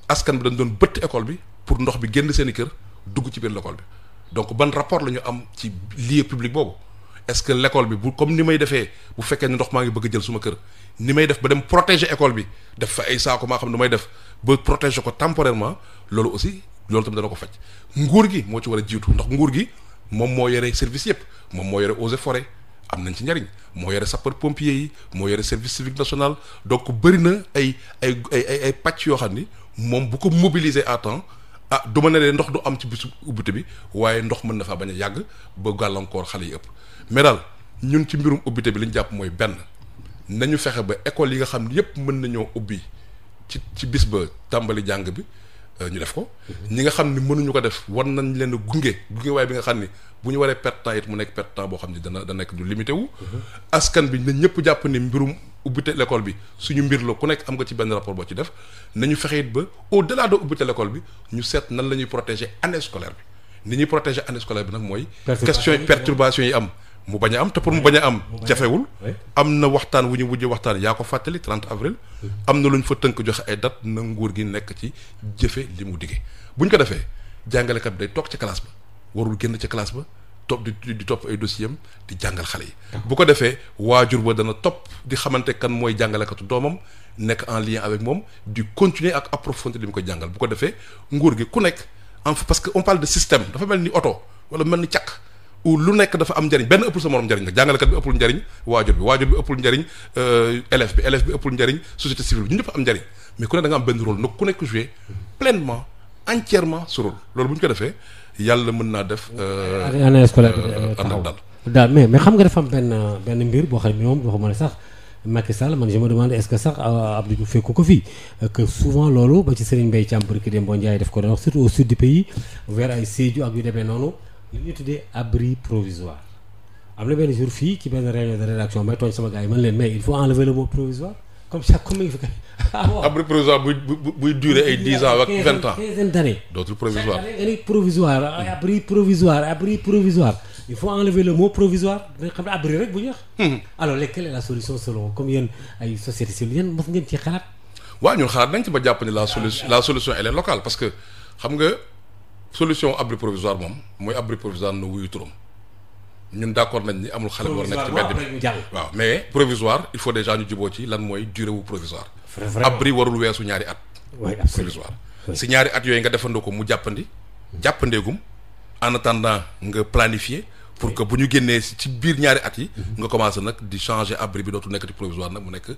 askan bi dañ doon bëtt école bi pour ndox bi génn seen i kër dugg ci biir l'école bi donc ban rapport la ñu am ci lieu public boobu est-ce que l'école bi bu comme ni may defee bu fekkee ndox maa ngi bëgg jël suma kër ni may def ba dem protéger école bi def fa ay saako maa xam ne may def ba protéger ko temporairement loolu aussi loolu tamit dana ko faj nguur gi moo ci war a jiitu ndax nguur gi moom moo yore service yëpp moom moo yore eaux et am nañ ci njariñ moo yore sapeur pompier yi moo yore service civique national donc bëri na ay ay ay pàcc yoo xam ni moom bu ko mobiliser à temps ah duma ma ne de ndox du am ci bisu ubbite bi waaye ndox mën na faa bañ a yàgg ba gàllankoor xale yi ëpp mais daal ñun ci mbirum ubbite bi li jàpp mooy benn nañu fexe ba école yi nga xam ne yëpp mën nañoo ubbi ci ci bis ba tàmbali jàng bi euh, ñu def ko ñi nga xam ne mënuñu ko def war nañ leen gunge gunge waaye bi nga xam ni bu ñu waree perte temps it mu nekk perte temps boo xam ne dana da nekk du limité wu askan bi na ñëpp jàpp ne mbirum ubbite l'école bi suñu mbir la ku nekk am nga ci benn rapport boo ci def nañu fexe it ba au delà de ubbite l'école bi ñu seet nan la ñuy protéger année scolaire bi ni ñuy protéger année scolaire bi nag mooy question perturbation yi am mu bañ a am te pour mu bañ a am jafewul am na waxtaan wu ñu wujj waxtaan yaa ko fàttali 30 avril am na lu ñu fa tënk joxe ay date na nguur gi nekk ci jëfe li mu diggee bu ñu ko defee jàngalekat bi day toog ca classe ba warul génn ca classe ba topp di di topp ay dossier di jàngal xale yi. Ah. bu ko defee waajur ba dana topp di xamante kan mooy jàngalekatu doomam nekk en lien avec moom di continuer ak approfondir li mu ko jàngal bu ko defee nguur gi ku nekk en parce que on parle de système dafa mel ni oto wala mel ni càq. ou lu nekk dafa am njariñ benn ëppul sa morom njariñ la jàngalekat bi ëppul njariñ waajur bi waajur bi ëppul njariñ euh, élève bi élève bi ëppul njariñ société civile bi ñu ñëpp am njariñ mais ne da nga am benn rôle nag ku nekk jouer pleinement entièrement loolu bu ñu ko defee yàlla mën naa def. Euh, année scolaire euh, euh, taxaw daal mais mais xam nga dafa benn benn mbir boo xam ne moom waxuma ne sax Macky Sall man je demande est sax Abdou Diouf fekku ko fii que souvent loolu ba ci Serigne Mbaye Thiam barki Demba Ndiaye def ko doon wax surtout au sud du pays vers ay Sédhiou ak yu demee noonu li ñu tuddee abri provisoire am na benn jour fii ci benn réunion de rédaction may tooñ sama gars yi man leen mais il faut enlever le mot provisoire. comme ça comme mi ngi fi kay. abri provisoire buy buy buy durer ay dix ans ak vingt ans quinzaine d'années. dootul provisoire hmm. année abri provisoire il faut enlever le mot provisoire da xam ne abri rek bu ñu wax. Hmm. alors léegi la solution selon comme yéen ay société civile yéen mos ngeen ci xalaat. waaw ñun xalaat nañ ci ba jàpp la solution la solution elle est locale parce que xam nga solution abri provisoire moom mooy abri provisoire na wuyu turam. ñun d'accord nañ ni amul xale bu war nekk ci mbedd bi waaw mais provisoire il faut déjà ñu juboo ci lan mooy durée wu provisoire abri warul weesu ñaari at si ñaari at yooyu nga defandoo ko mu jàppandi jàppandeegum en attendant nga planifier pour que bu ñu génnee ci biir ñaari at yi mhm. nga commencé nag di changer abri bi dootul nekk ci provisoire mu nekk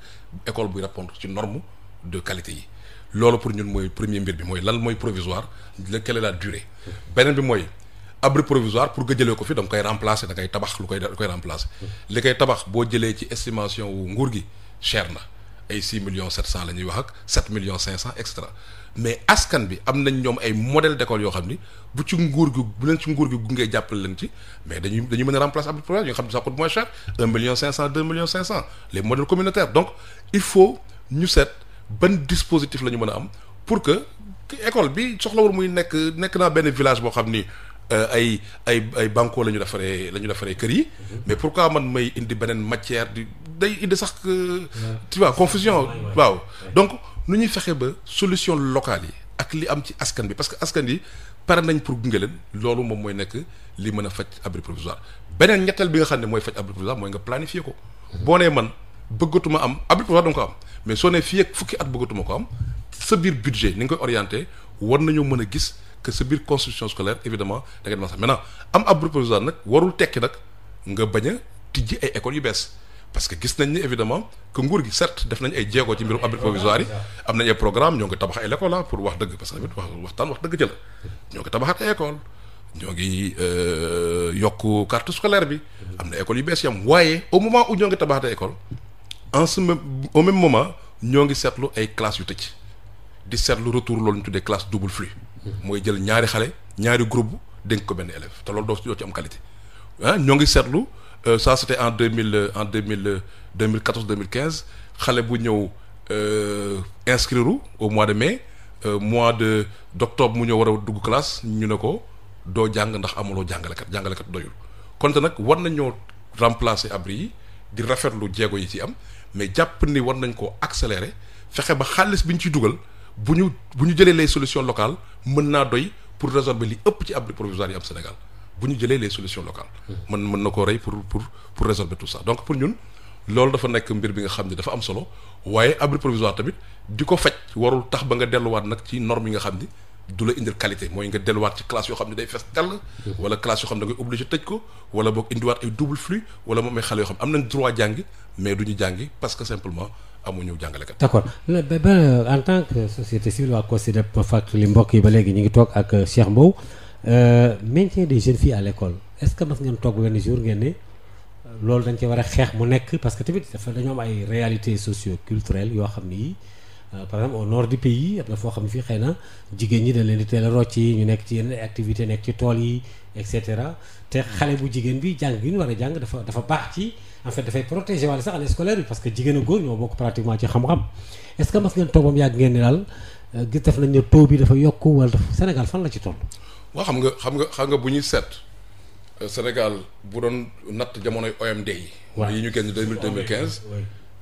école buy répondre ci norme de yi loolu pour ñun mooy premier mbir bi mooy lan mooy provisoire quelle est laa durée beneen bi mooy abri provisoire pour nga jëlee ko fi da koy remplacer da ngay tabax lu koy da koy remplacer. li koy tabax boo jëlee ci estimation wu nguur gi cher na ay 6 millions 700 la ñuy wax ak million millions 500 et cetera mais askan bi am nañ ñoom ay modèle d'école yoo xam ni bu ci nguur gi bu leen ci nguur gi gu gungee jàppale leen ci mais dañuy dañuy mën a remplacer abri provisoire yoo xam ne ça coûte moins cher 1 million 500 2 millions 500 les modèles communautaires donc il dispositif la ñu mën a am pour que école bi soxlawul muy nekk nekk naa benn village boo xam ni. Euh, ay ay ay banco la ñu defaree la ñu defaree kër yi mhm. mais pourquoi man may indi beneen matière di day indi sax euh, tu vois confusion waaw donc nu ñuy fexe ba solution locale yi ak li am ci askan bi parce que askan yi pare nañ pour gunge leen loolu moom mooy nekk li mën a faj abri provisoire beneen ñetteel bi nga xam ne mooy faj abri provisoire mooy nga planifier ko mhm. boo nee man bëggatuma am abri provisoire danga ko am mais soo nee fii ak fukki at bëggatuma ko am sa biir budget ni nga koy orienté war nañoo mën a gis que sa biir constitution scolaire évidemment da ngeen mën sax maintenant am abri provisoire nag warul tekki nag nga bañ a tijji ay école yu bees parce que gis nañ ni évidemment que nguur gi certes def nañ ay jéego ci mbirum ab provisoire yi am nañ ay programme ñoo ngi tabax ay école la ah, pour wax dëgg parce que tamit wax waxtaan wax dëgg ci la ñoo ngi tabaxaat ay école ñoo ngi euh, yokk carte scolaire bi am na école yu bees yam waaye au moment où ñoo ngi tabaxaat ay école en ce au même moment ñoo ngi seetlu ay classes yu tëj di seetlu retour loolu ñu tuddee classe double flux mooy jël ñaari xale ñaari groupe dénk ko benn élève te loolu doo doo ci am qualité ah ñoo ngi seetlu euh, ça c'était en deux mille euh, en deux mille euh, deux mille quatorze deux mille xale bu ñëw inscrire au mois de mai mois de d'octobre mu ñëw war a dugg classe ñu ne ko doo jàng ndax amuloo jàngalekat jàngalekat doyul konte nag war nañoo remplacer abri yi di rafetlu jéego yi ci am mais jàpp ni war nañ ko accélérer fexe ba xaalis bi ñu ciy dugal bu ñu bu ñu jëlee les solutions locale mën naa doy pour résorber li ëpp ci abri provisoire yi am Sénégal bu ñu jëlee les solution locales. mën mën na koo rey pour pour pour résorber tout ça donc pour ñun loolu dafa nekk mbir bi nga xam ne dafa am solo waaye abri provisoire tamit di ko faj warul tax ba nga delluwaat nag ci normes yi nga xam ni du la indil qualité mooy nga delluwaat ci classe yoo xam ne day fes dell wala classe yoo xam ne da ngay tëj ko wala boog indiwaat ay double flux wala moom ay yoo xam am nañ droit jàngi mais du ñu parce que simplement amuñu jàngalekat. d'accord ba euh, en tant que société civile waa COSYDEP ma fàttali mbokk yi ba léegi ñu ngi toog ak euh, Cheikh Mbow. Euh, maintien des jeune filles à l'école est-ce que mas ngeen toog benn jour ngeen ne loolu dañ cee war a xeex mu nekk parce que tamit dafa dañoo am ay réalités socio-culturelles yoo xam nii par exemple au nord du pays am na foo xam ne fii xëy na jigéen ñi dañ leen di teel a rocc yi ñu nekk ci yenn activité nekk ci tool yi et cetera te xale bu jigéen bi jàng gi ñu war a jàng dafa dafa baax ci. en fait dafay protéger wàllu sax année scolaire bi parce que jigéen a góor ñoo bokk pratiquement ci xam-xam est ce que mas ngeen toogam yàgg ngeen ni daal euh, gis def nañ ne taux bi dafa yokk wala Sénégal fan la ci xam nga xam nga xam nga bu ñuy set euh, Sénégal bu doon natt jamonoy OMD yi. waaw ñu génn deux mille deux quinze.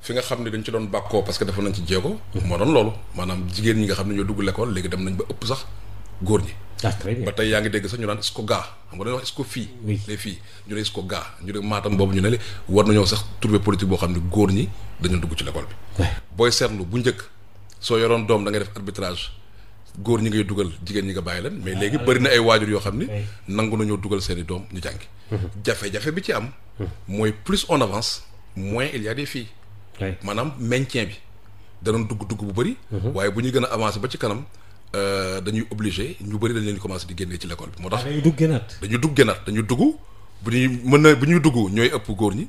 fi nga xam ne dañ ci doon bàkkoo parce que defoon nañ ci jéego. moo doon loolu maanaam jigéen ñi nga xam ne ñoo dugg l'école léegi dem nañ ba ëpp sax góor ñi. ah ba tey yaa ngi dégg sax ñu naan Esco gaa xam nga dañuy wax ko fii. oui les filles ñu ne Esco gaa ñu ne maatam boobu ñu ne la war nañoo sax trouver politique boo xam ne góor ñi dañoo dugg ci l'école bi. booy seetlu bu njëkk soo yoroon doom da ngay def arbitrage góor ñi ngay dugal jigéen ñi nga bàyyi leen. mais léegi bëri na ay waajur yoo xam ni. nangu nañoo dugal seeni doom ñu jàngi. Mm-hmm. jafe-jafe bi ci am. Mm-hmm. mooy plus on avance moins il y a des filles. maanaam maintien bi danañ dugg dugg bu bëri. Mm-hmm. waaye bu ñuy gën a avancer ba ci kanam Euh, dañuy obligé ñu bari dañ leen commencé di génnee ci l'école bi moo tax ah, dañuy dugg génnaat dañuy dugg génnaat dañuy dugg bu ñuy mën na bu ñuy dugg ñooy ëpp góor ñi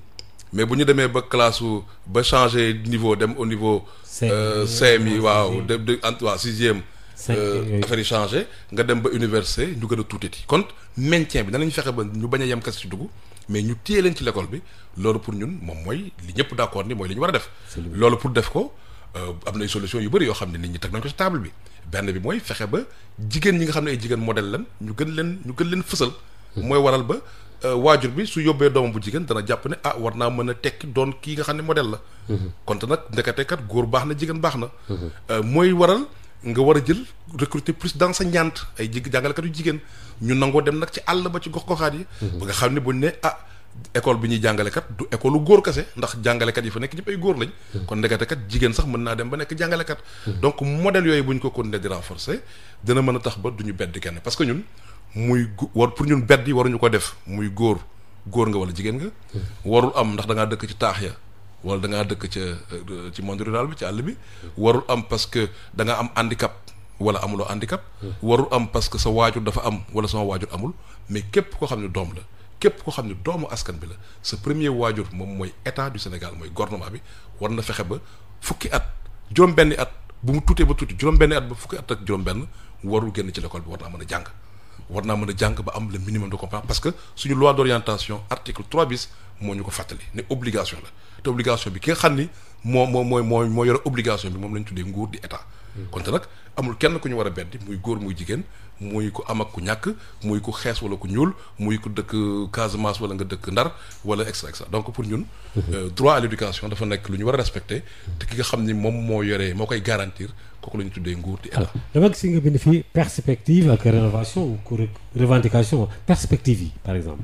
mais bu ñu demee ba classe ba changé niveau dem au niveau CM euh, waaw de de en waaw sixième euh, affaire changé nga dem ba université ñu gën a tuutati kon maintien bi na lañu fexe ba ñu bañ a yem kese ci dugg mais ñu téye leen ci l'école bi loolu pour ñun moom mooy li ñëpp d'accord ni mooy li ñu war a def loolu pour def ko am na ay solution yu bëri yoo xam ne nit ñi teg nañ ko ci table bi benn bi mooy fexe ba jigéen ñi nga xam ne ay jigéen modèle lan ñu gën leen ñu gën leen fësal mooy waral ba euh, waajur bi su yóbbee doomam bu jigéen dana jàpp ne ah war naa mën a tekki doon kii nga xam ne modèle la mhm. konte nag ndekatekat góor baax na jigéen baax na mhm. euh, mooy waral nga war a jël recruter plus d'enseignantes ay jig jàngalekat yu jigéen ñu nangoo dem nag ci àll ba ci gox goxaat yi mhm. ba nga xam ne buñ ne ah, école bi ñuy jàngalekat du école góor kese ndax jàngalekat yi fa nekk ñëpp ay góor lañ. Hmm. kon ndeketakat jigéen sax mën naa dem ba nekk jàngalekat. Hmm. donc modèle yooyu bu ñu ko continuer di renforcer dina mën a tax ba du ñu bedd kenn parce que ñun muy war pour ñun bedd yi waruñu ko def muy góor góor nga wala jigéen nga. Hmm. warul am ndax da dëkk ci taax ya wala da dëkk ca euh, ci monde rural bi ci àll bi. warul am parce que da am handicap. wala amuloo handicap. warul am parce que sa waajur dafa am wala sama waajur amul mais képp koo xam ne doom la. képp ko xam ne doomu askan bi la sa premier waajur moom mooy état du Sénégal mooy gouvernement bi war na fexe ba fukki at juróom-benni at bu mu tuutee ba tuuti juróom-benni at ba fukki at ak juróom-benn waru génn ci l'école bi war naa mën a jàng war naa mën a jàng ba am le minimum de compétence parce que suñu loi d'orientation article 3 bis moo ñu ko fàttali ne obligation la te obligation bi ki xam ni moo moo mooy moo moo yore obligation bi moom lañ tuddee nguur di état konte te nag amul kenn ku ñu war a beddi muy góor muy jigéen muy ko am ak ku ñàkk muy ko xees wala ku ñuul muy ku dëkk Casamance wala nga dëkk Ndar wala extra extra donc pour ñun. Mhm. Euh, droit à l'éducation dafa nekk lu ñu war a respecté. te ki nga xam ni moom moo yore moo koy garantir kooku la ñu tuddee nguur di état. dama gis nga bind fii perspective ak rénovation ou revendication perspective yi par exemple.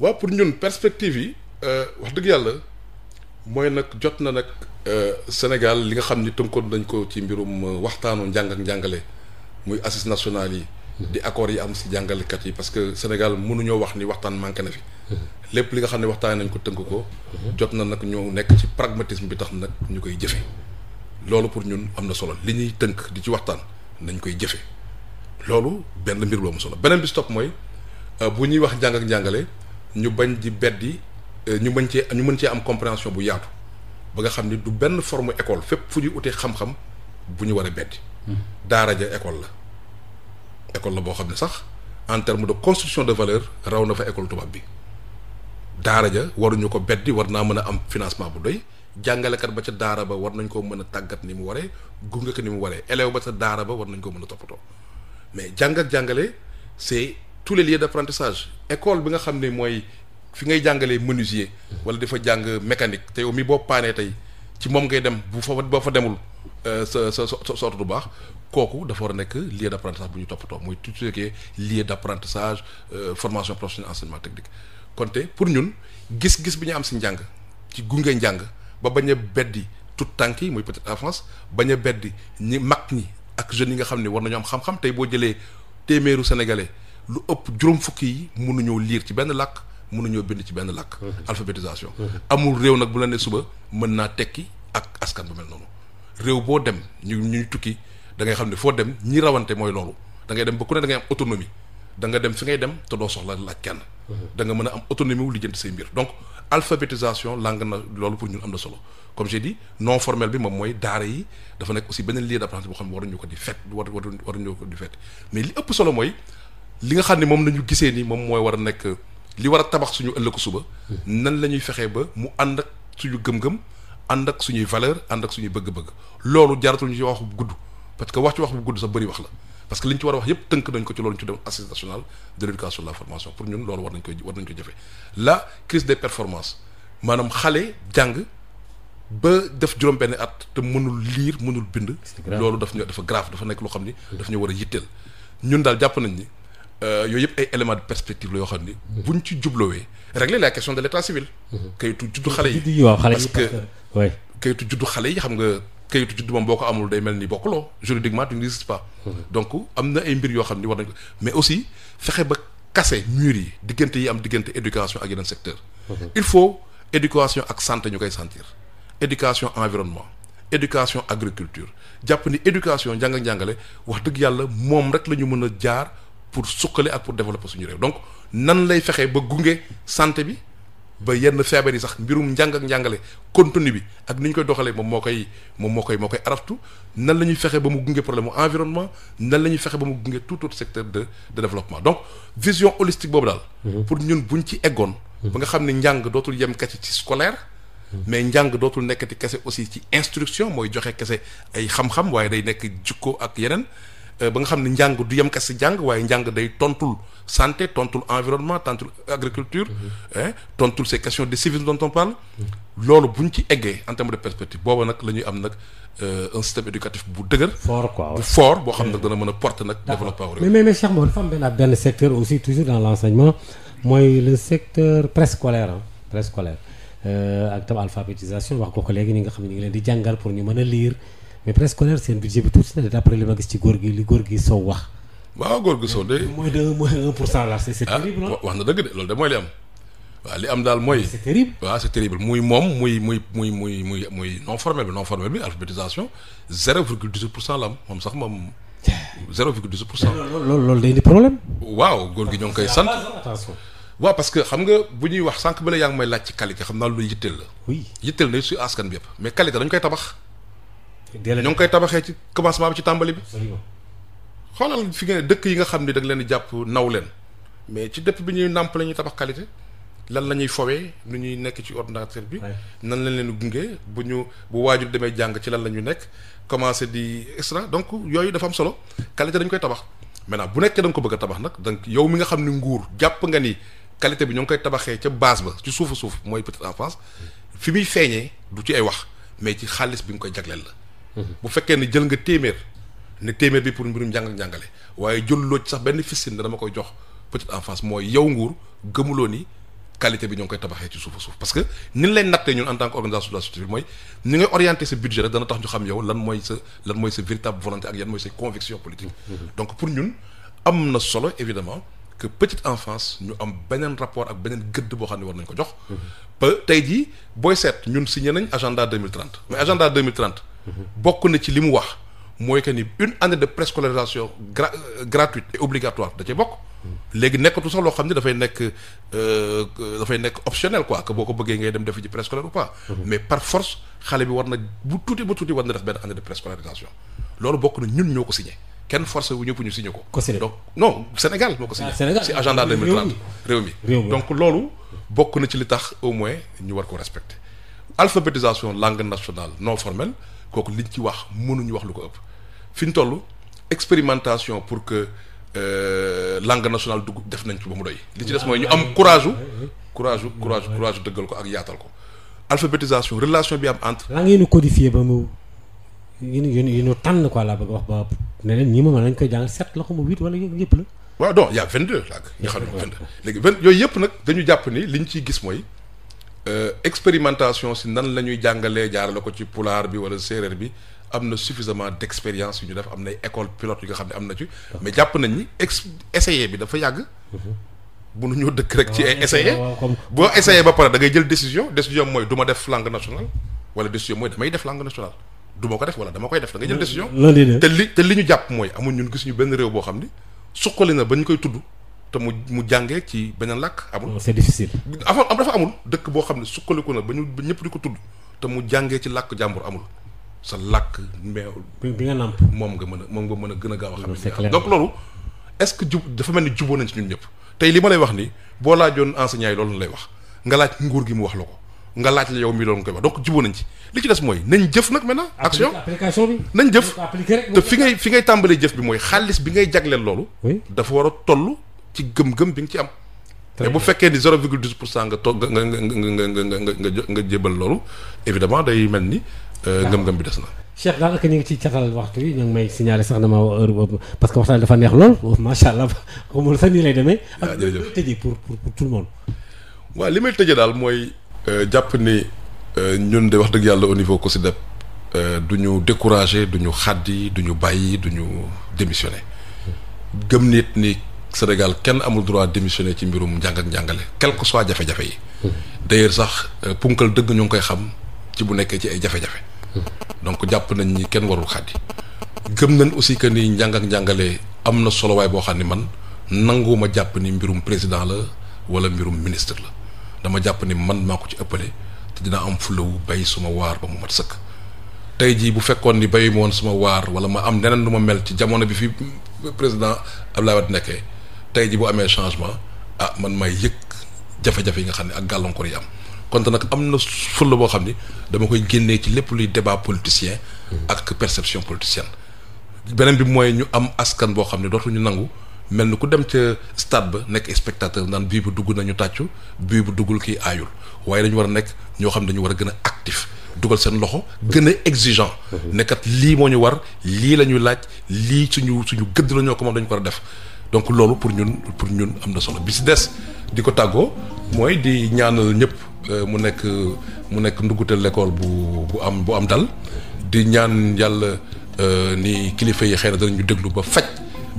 waaw pour ñun perspective yi euh, wax dëgg yàlla. mooy nag jot na nag euh, Sénégal li nga xam ni ko dañ ko ci mbirum euh, waxtaanu njàng ak njàngale muy assises nationales yi. Mm-hmm. di accords yi am si jàngalekat yi parce que Sénégal mënuñoo wax ni waxtaan manqué na fi. Mm-hmm. lépp li nga xam ne waxtaan nañ ko tënk ko. Mm-hmm. jot na nag ñoo nekk ci pragmatisme bi tax nag ñu koy jëfe loolu pour ñun am na solo li ñuy tënk di ci waxtaan nañ koy jëfe loolu benn mbir mu solo beneen bi si mooy euh, bu ñuy wax njàng ak njàngale ñu bañ di beddi. Euh, ñu mën cee ñu mën cee am compréhension bu yaatu ba nga xam ni du benn forme école fépp fu ñuy utee xam-xam bu ñu waree a beddi hmm. daara ja école la école la boo xam ne sax en terme de construction de valeur raw na fa école tubaab bi daara ja waruñu ko beddi war naa mën a am financement bu doy jàngalekat ba ca daara ba war nañ koo mën a tàggat ni mu waree gunge ko ni mu waree élève ba ca daara ba war nañ ko mën a toppatoo mais jàng jàngale c'est tous les lieux d'apprentissage école bi nga xam ne mooy fi ngay jàngalee menusier wala dafa jàng mécanique te yow mi boo paanee tey ci moom ngay dem bu fa boo fa demul euh, sa sa sa du baax kooku dafa war a nekk lieu d' apprentissage bu ñu toppatoo mooy tout ce qui est lieu d' apprentissage euh, formation professionnelle enseignement technique kon te pour ñun gis-gis bi ñu am si njàng ci gunge njàng ba bañ a beddi tout tànk yi muy peut-être bañ a beddi ñi mag ñi ak jeunes yi nga xam ne war nañu am xam-xam tey boo jëlee téeméeru sénégalais lu ëpp juróom fukki yi liir ci benn làkk ñoo bind ci benn làkk mm-hmm. alphabétisation mm-hmm. amul réew nag bu la ne suba mën naa tekki ak askan bu mel noonu réew boo dem ñu ñuy tukki da ngay xam ne foo dem ñi rawante mooy loolu da ngay dem ba ko ne da ngay am autonomie da nga dem fi ngay dem te doo soxla laaj kenn mm-hmm. da nga mën a am autonomie wu lijjanti say mbir donc alphabétisation langue na loolu pour ñu am na solo comme j'ai dit non formel bi moom mooy daara yi dafa nekk aussi beneen lieu d'apprentissage boo xam ne waruñu ko di fet fet mais li ëpp solo mooy li nga xam ne moom nañu gisee ni moom mooy war a nekk li war a tabax suñu ëllëgu suba nan la ñuy fexee ba mu ànd ak suñu gëm-gëm ànd ak suñuy valeur ànd ak suñuy bëgg-bëgg loolu jaratul ñu ci wax bu gudd parce que wax ci wax bu gudd sax bari wax la parce que li ñu ci war a wax yépp tënk nañ ko ci loolu ñu ci dem assise de l'éducation de la formation pour ñun loolu war nañ koy war nañ ko jëfee la crise des performances maanaam xale jàng ba def juróom benn at te mënul lire mënul bind loolu daf ñu dafa grave dafa nekk loo xam ni daf ñu war a yitteel ñun daal jàpp nañ ni Euh, yooyu yëpp ay éléments de perspective la yoo xam ni. buñ ci jubloowee régler la question de l' état civil. Mhm. kayitu juddu xale yi waaw xale yi parce que oui. kayitu juddu xale yi xam nga kayitu juddu moom boo ko amul day mel ni bokk bokkuloo juridiquement tu n'existes pas. Mhm. donc am na ay mbir yoo xam ni war nañ ko mais aussi fexe ba kase mur yi diggante yi am diggante éducation ak yeneen secteur mhm. il faut éducation ak santé ñu koy sentir. éducation environnement. éducation agriculture jàpp ni éducation njàng njàngale wax dëgg yàlla moom rek la ñu mën a jaar. pour suqali ak pour développer suñu réew donc nan lay fexee ba gunge santé bi ba yenn feebar yi sax mbirum njàng ak njàngale continue bi ak ni ñu koy doxalee moom moo koy moom moo koy moo koy araftu nan la ñuy fexe ba mu gunge problème mu environnement nan lañuy fexe ba mu gunge tout autre secteur de développement donc vision holistique boobu daal. Mhm. pour ñun buñ ci eggoon. Mhm. ba nga xam ne njàng dootul yem kese ci scolaire. Mhm. mais njàng dootul nekkati kese aussi ci instruction mooy joxe kese ay xam waaye day nekk jikko ak yeneen. Euh, ba nga xam ne njàng du yem kese jàng waaye njàng day tontul santé tontul environnement tontul agriculture. Mhm. tontul ces question de civisme dont on parle. loolu bu ñu ci eggee en terme de perspective booba nag la ñuy am nag euh, un système éducatif bu dëgër. fort quoi bu fort boo xam nag dana mën a porter nag. développement mais mais mais Cheikh Mawone dafa am benn benn secteur aussi toujours dans l' enseignement mooy le secteur préscolaire ah préscolaire euh, ak tam alphabétisation wax ko ko léegi ñi nga xam ne ñu ngi leen di jàngal pour ñu mën a lire. mais presse scolaire seen budget bi tuuti na de d'après li ma gis ci góor gi li góor gi Sow wax. waaw góor gi Sow de. mooy pour cent là c'est ah, terrible. wax na dëgg de loolu de mooy li am. waaw li am daal mooy. c'est terrible waaw c'est terrible moom muy muy muy muy muy muy non formel bi non formel bi alphabétisation zéro virgule pour cent la moom sax moom. zéro virgule dix-huit pour cent. góor gi ñoo ngi koy sant. waaw parce que xam nga bu ñuy wax sànq bi la yaa ngi may laaj ci qualité xam naa lu yitteel la. oui yitteel na askan bi yëpp mais qualité dañ koy tabax. ñoo ngi koy tabaxee ci commencement bi ci tàmbali bi xoolal fi ngeen dëkk yi nga xam ne da leen jàpp naw leen mais ci dëpp bi ñuy nàmp la ñuy tabax qualité lan la ñuy fowee nu ñuy nekk ci ordinateur bi nan lañ leen gunge bu ñu bu waajur demee jàng ci lan la ñu nekk commencé di extra donc yooyu dafa am solo qualité dañ koy tabax naa bu nekkee da nga ko bëgg tabax nag donc yow mi nga xam ni nguur jàpp nga ni qualité bi ñoo ngi koy tabaxee ca base ba ci suufa suuf mooy petite enfance fi muy feeñee du ci ay wax mais ci xaalis bi nga koy jagleel la bu fekkee ne jël nga téeméer ne téeméer bi pour mbirum njàng njàngale waaye jël loo ci sax benn fistine dama koy jox petite enfance mooy yow nguur gëmuloo ni qualité bi ñoo ngi koy tabaxee ci suufa suuf parce que ni ñu lay nattee ñun en tant que organisation de la société civile mooy ni ngay orienté sa budget rek dana tax ñu xam yow lan mooy sa lan mooy sa véritable volonté ak yan mooy sa conviction politique mm-hmm. mm-hmm. donc pour ñun am na solo évidemment que petite enfance ñu am beneen rapport ak beneen gëdd boo xam ne war nañ ko jox mm-hmm. ba tey jii booy seet ñun signé nañ agenda 2030 mais agenda 2030 bokk na ci li mu wax mooy que ni une année de préscolarisation gra euh, gratuite et obligatoire da cee bokk. léegi nekkatu sax loo xam ne dafay nekk euh, dafay nekk optionnel ko que boo ko bëggee ngay dem defi ci préscolaire ou pas. Mhm. mais par force xale bi war na bu tuuti ba tuuti war na def benn année de préscolarisation loolu bokk na ñun ñoo ko signé. kenn forcé wu ñëpp ñu signé ko. donc non Sénégal moo ko signé. Ah, Sénégal si agenda 2030 réew mi donc loolu bokk na ci li tax au moins ñu war ko respecter alphabétisation langue nationale non formelle. kooku liñ ci wax mënuñu wax lu ko ëpp fi ñu toll expérimentation pour que euh, langue nationale dugg def nañ ci ba mu doy. li ci def mooy ñu am courage courage courage courage dëggal ko ak yaatal ko alphabétisation relation bi am entre. langue yi ñu codifié ba mu yi ñu yi ñu tànn quoi laa bëgg wax ba ne leen ñi ma mën nañ koy jàng set la ko mu huit wala yëpp la. waaw donc y' vingt deux langues. yoo xam ne vingt léegi vingt yooyu yëpp nag dañu jàpp ni liñ ciy gis mooy. Euh, expérimentation si nan la ñuy jàngalee jaarale ko ci pulaar bi wala séeréer bi am na suffisamment d' expérience yu ñu def am na école pilote yu nga xam ne am na ci. mais jàpp nañ ni ex essayé bi dafa yàgg. bunu mhm. ñoo dëkk rek ci ah, ay essayé boo essayé ba pare da ngay jël décision décision mooy du def langue nationale wala décision mooy damay def langue nationale du ma ko def wala dama koy def da ngay jël décision te li te li ñu jàpp mooy amul ñun gis ñu benn réew boo xam ni suqali na ba ñu koy tudd te mu mu jàngee ci beneen làkk amul. c'est difficile. avant am dafa amul dëkk boo xam ne sukkandiku na ba ñu ñëpp di ko tudd te mu jàngee ci làkk jàmbur amul sa làkk meew. bi nga nàmp moom nga mën a moom nga mën a gën a gaaw a xam. ne donc loolu est-ce que jub dafa mel ni juboo nañ ci ñun ñëpp tey li ma lay wax ni boo laajoon enseignant yi loolu lay wax nga laaj nguur gi mu wax la ko nga laaj la yow mi doon koy wax donc juboo nañ ci li ci des mooy nañ jëf nag maintenant. action application nañ jëf te fi ngay fi ngay tàmbalee jëf bi mooy xaalis bi ngay jagleel loolu. dafa war a toll ci gëm-gëm bi nga ci am. te bu fekkee ni 0,12 pour cent nga toog nga nga nga nga nga nga jébal loolu évidemment day mel ni. ngëm-ngëm euh, ah. bi des na. Cheikh daal ak ñu ngi ci catal waxtu yi ñu ngi may signaler sax dama heure parce que waxtaan dafa neex lool oh, macha allah xamul sax nii lay demee. Ah, pour pour tout le li may tëjee daal mooy. Euh, jàpp ni euh, ñun de wax dëgg yàlla au niveau COSYDEP du ñu découragé du ñu xàddi du ñu bàyyi du ñu démissionné hmm. gëm nit ni. Sénégal kenn amul droit démissionner ci mbirum njàng ak njàngale quel que jafe-jafe yi. Hmm. d'ailleurs sax euh, punkal dëgg ñoo ngi koy xam ci bu nekkee ci ay jafe-jafe. Hmm. donc jàpp nañ ni kenn warul xaddi gëm nañ aussi que ni njàng ak njàngale am na solo boo xam ne man ma jàpp ni mbirum président la wala mbirum ministre la dama jàpp ni man maa ko ci ëppale te dinaa am fulawu bay suma waar ba mu mat sëkk. tey jii bu fekkoon ni béyu ma suma waar wala ma am neneen lu ma mel ci jamono bi fi président Abdoulaye Wade tey ji boo amee changement ah man may yëg jafe-jafe yi nga xam ne ak gàllankoor yi am konte nag am na fulla boo xam ni dama koy génnee ci lépp luy débat politicien ak perception politicienne beneen bi mooy ñu am askan boo xam ne dootuñu nangu mel ni ku dem ca stade ba nekk spectateur naan bii bu dugg nañu tàccu bii bu duggul kii aayul waaye dañu war a nekk ñoo xam ne dañu war a gën a actif dugal seen loxo gën a exigeant mhm. nekkat lii moo ñu war lii la ñuy laaj lii suñu suñu gëdd la ko moom dañu ko a def donc loolu pour ñun pour ñun am na solo bi si des di ko tàggoo mooy di ñaanal ñëpp euh, mu nekk mu nekk ndugutal lekkool bu bu am bu am dal di ñaan yàlla euh, ni kilifa yi xëy na ñu déglu ba faj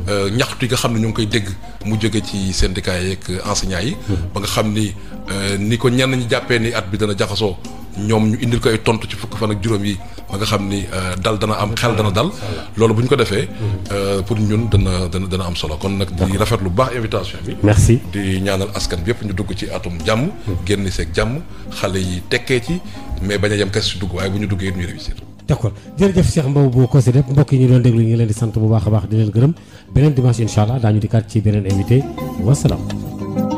Euh, ñaxtu yi nga xam ne ñoo ngi koy dégg mu jóge ci syndicats yi ak enseignants yi. ba nga xam ni euh, ni ko ñenn ñi jàppee ni at bi dana jaxasoo ñoom ñu indil ko ay tontu ci fukk fan ak juróom yi ba nga xam ni euh, dal dana am xel dana dal. loolu bu ñu ko defee. pour ñun dana dana dana am solo kon nag. di rafet lu baax invitation bi. merci di ñaanal askan bi yëpp ñu dugg ci atum jàmm. Hmm. génn seeg jàmm xale yi tekkee ci mais bañ a yem kes si dugg waaye bu ñu duggee it ñu réussir. d'accord jërëjëf Cheikh Mbow bu COSYDEP mbokk yi ñu doon déglu ñu leen di sant bu baax a baax di leen gërëm beneen dimanche incha allah daañu dikkaat ci beneen invité wasalaam.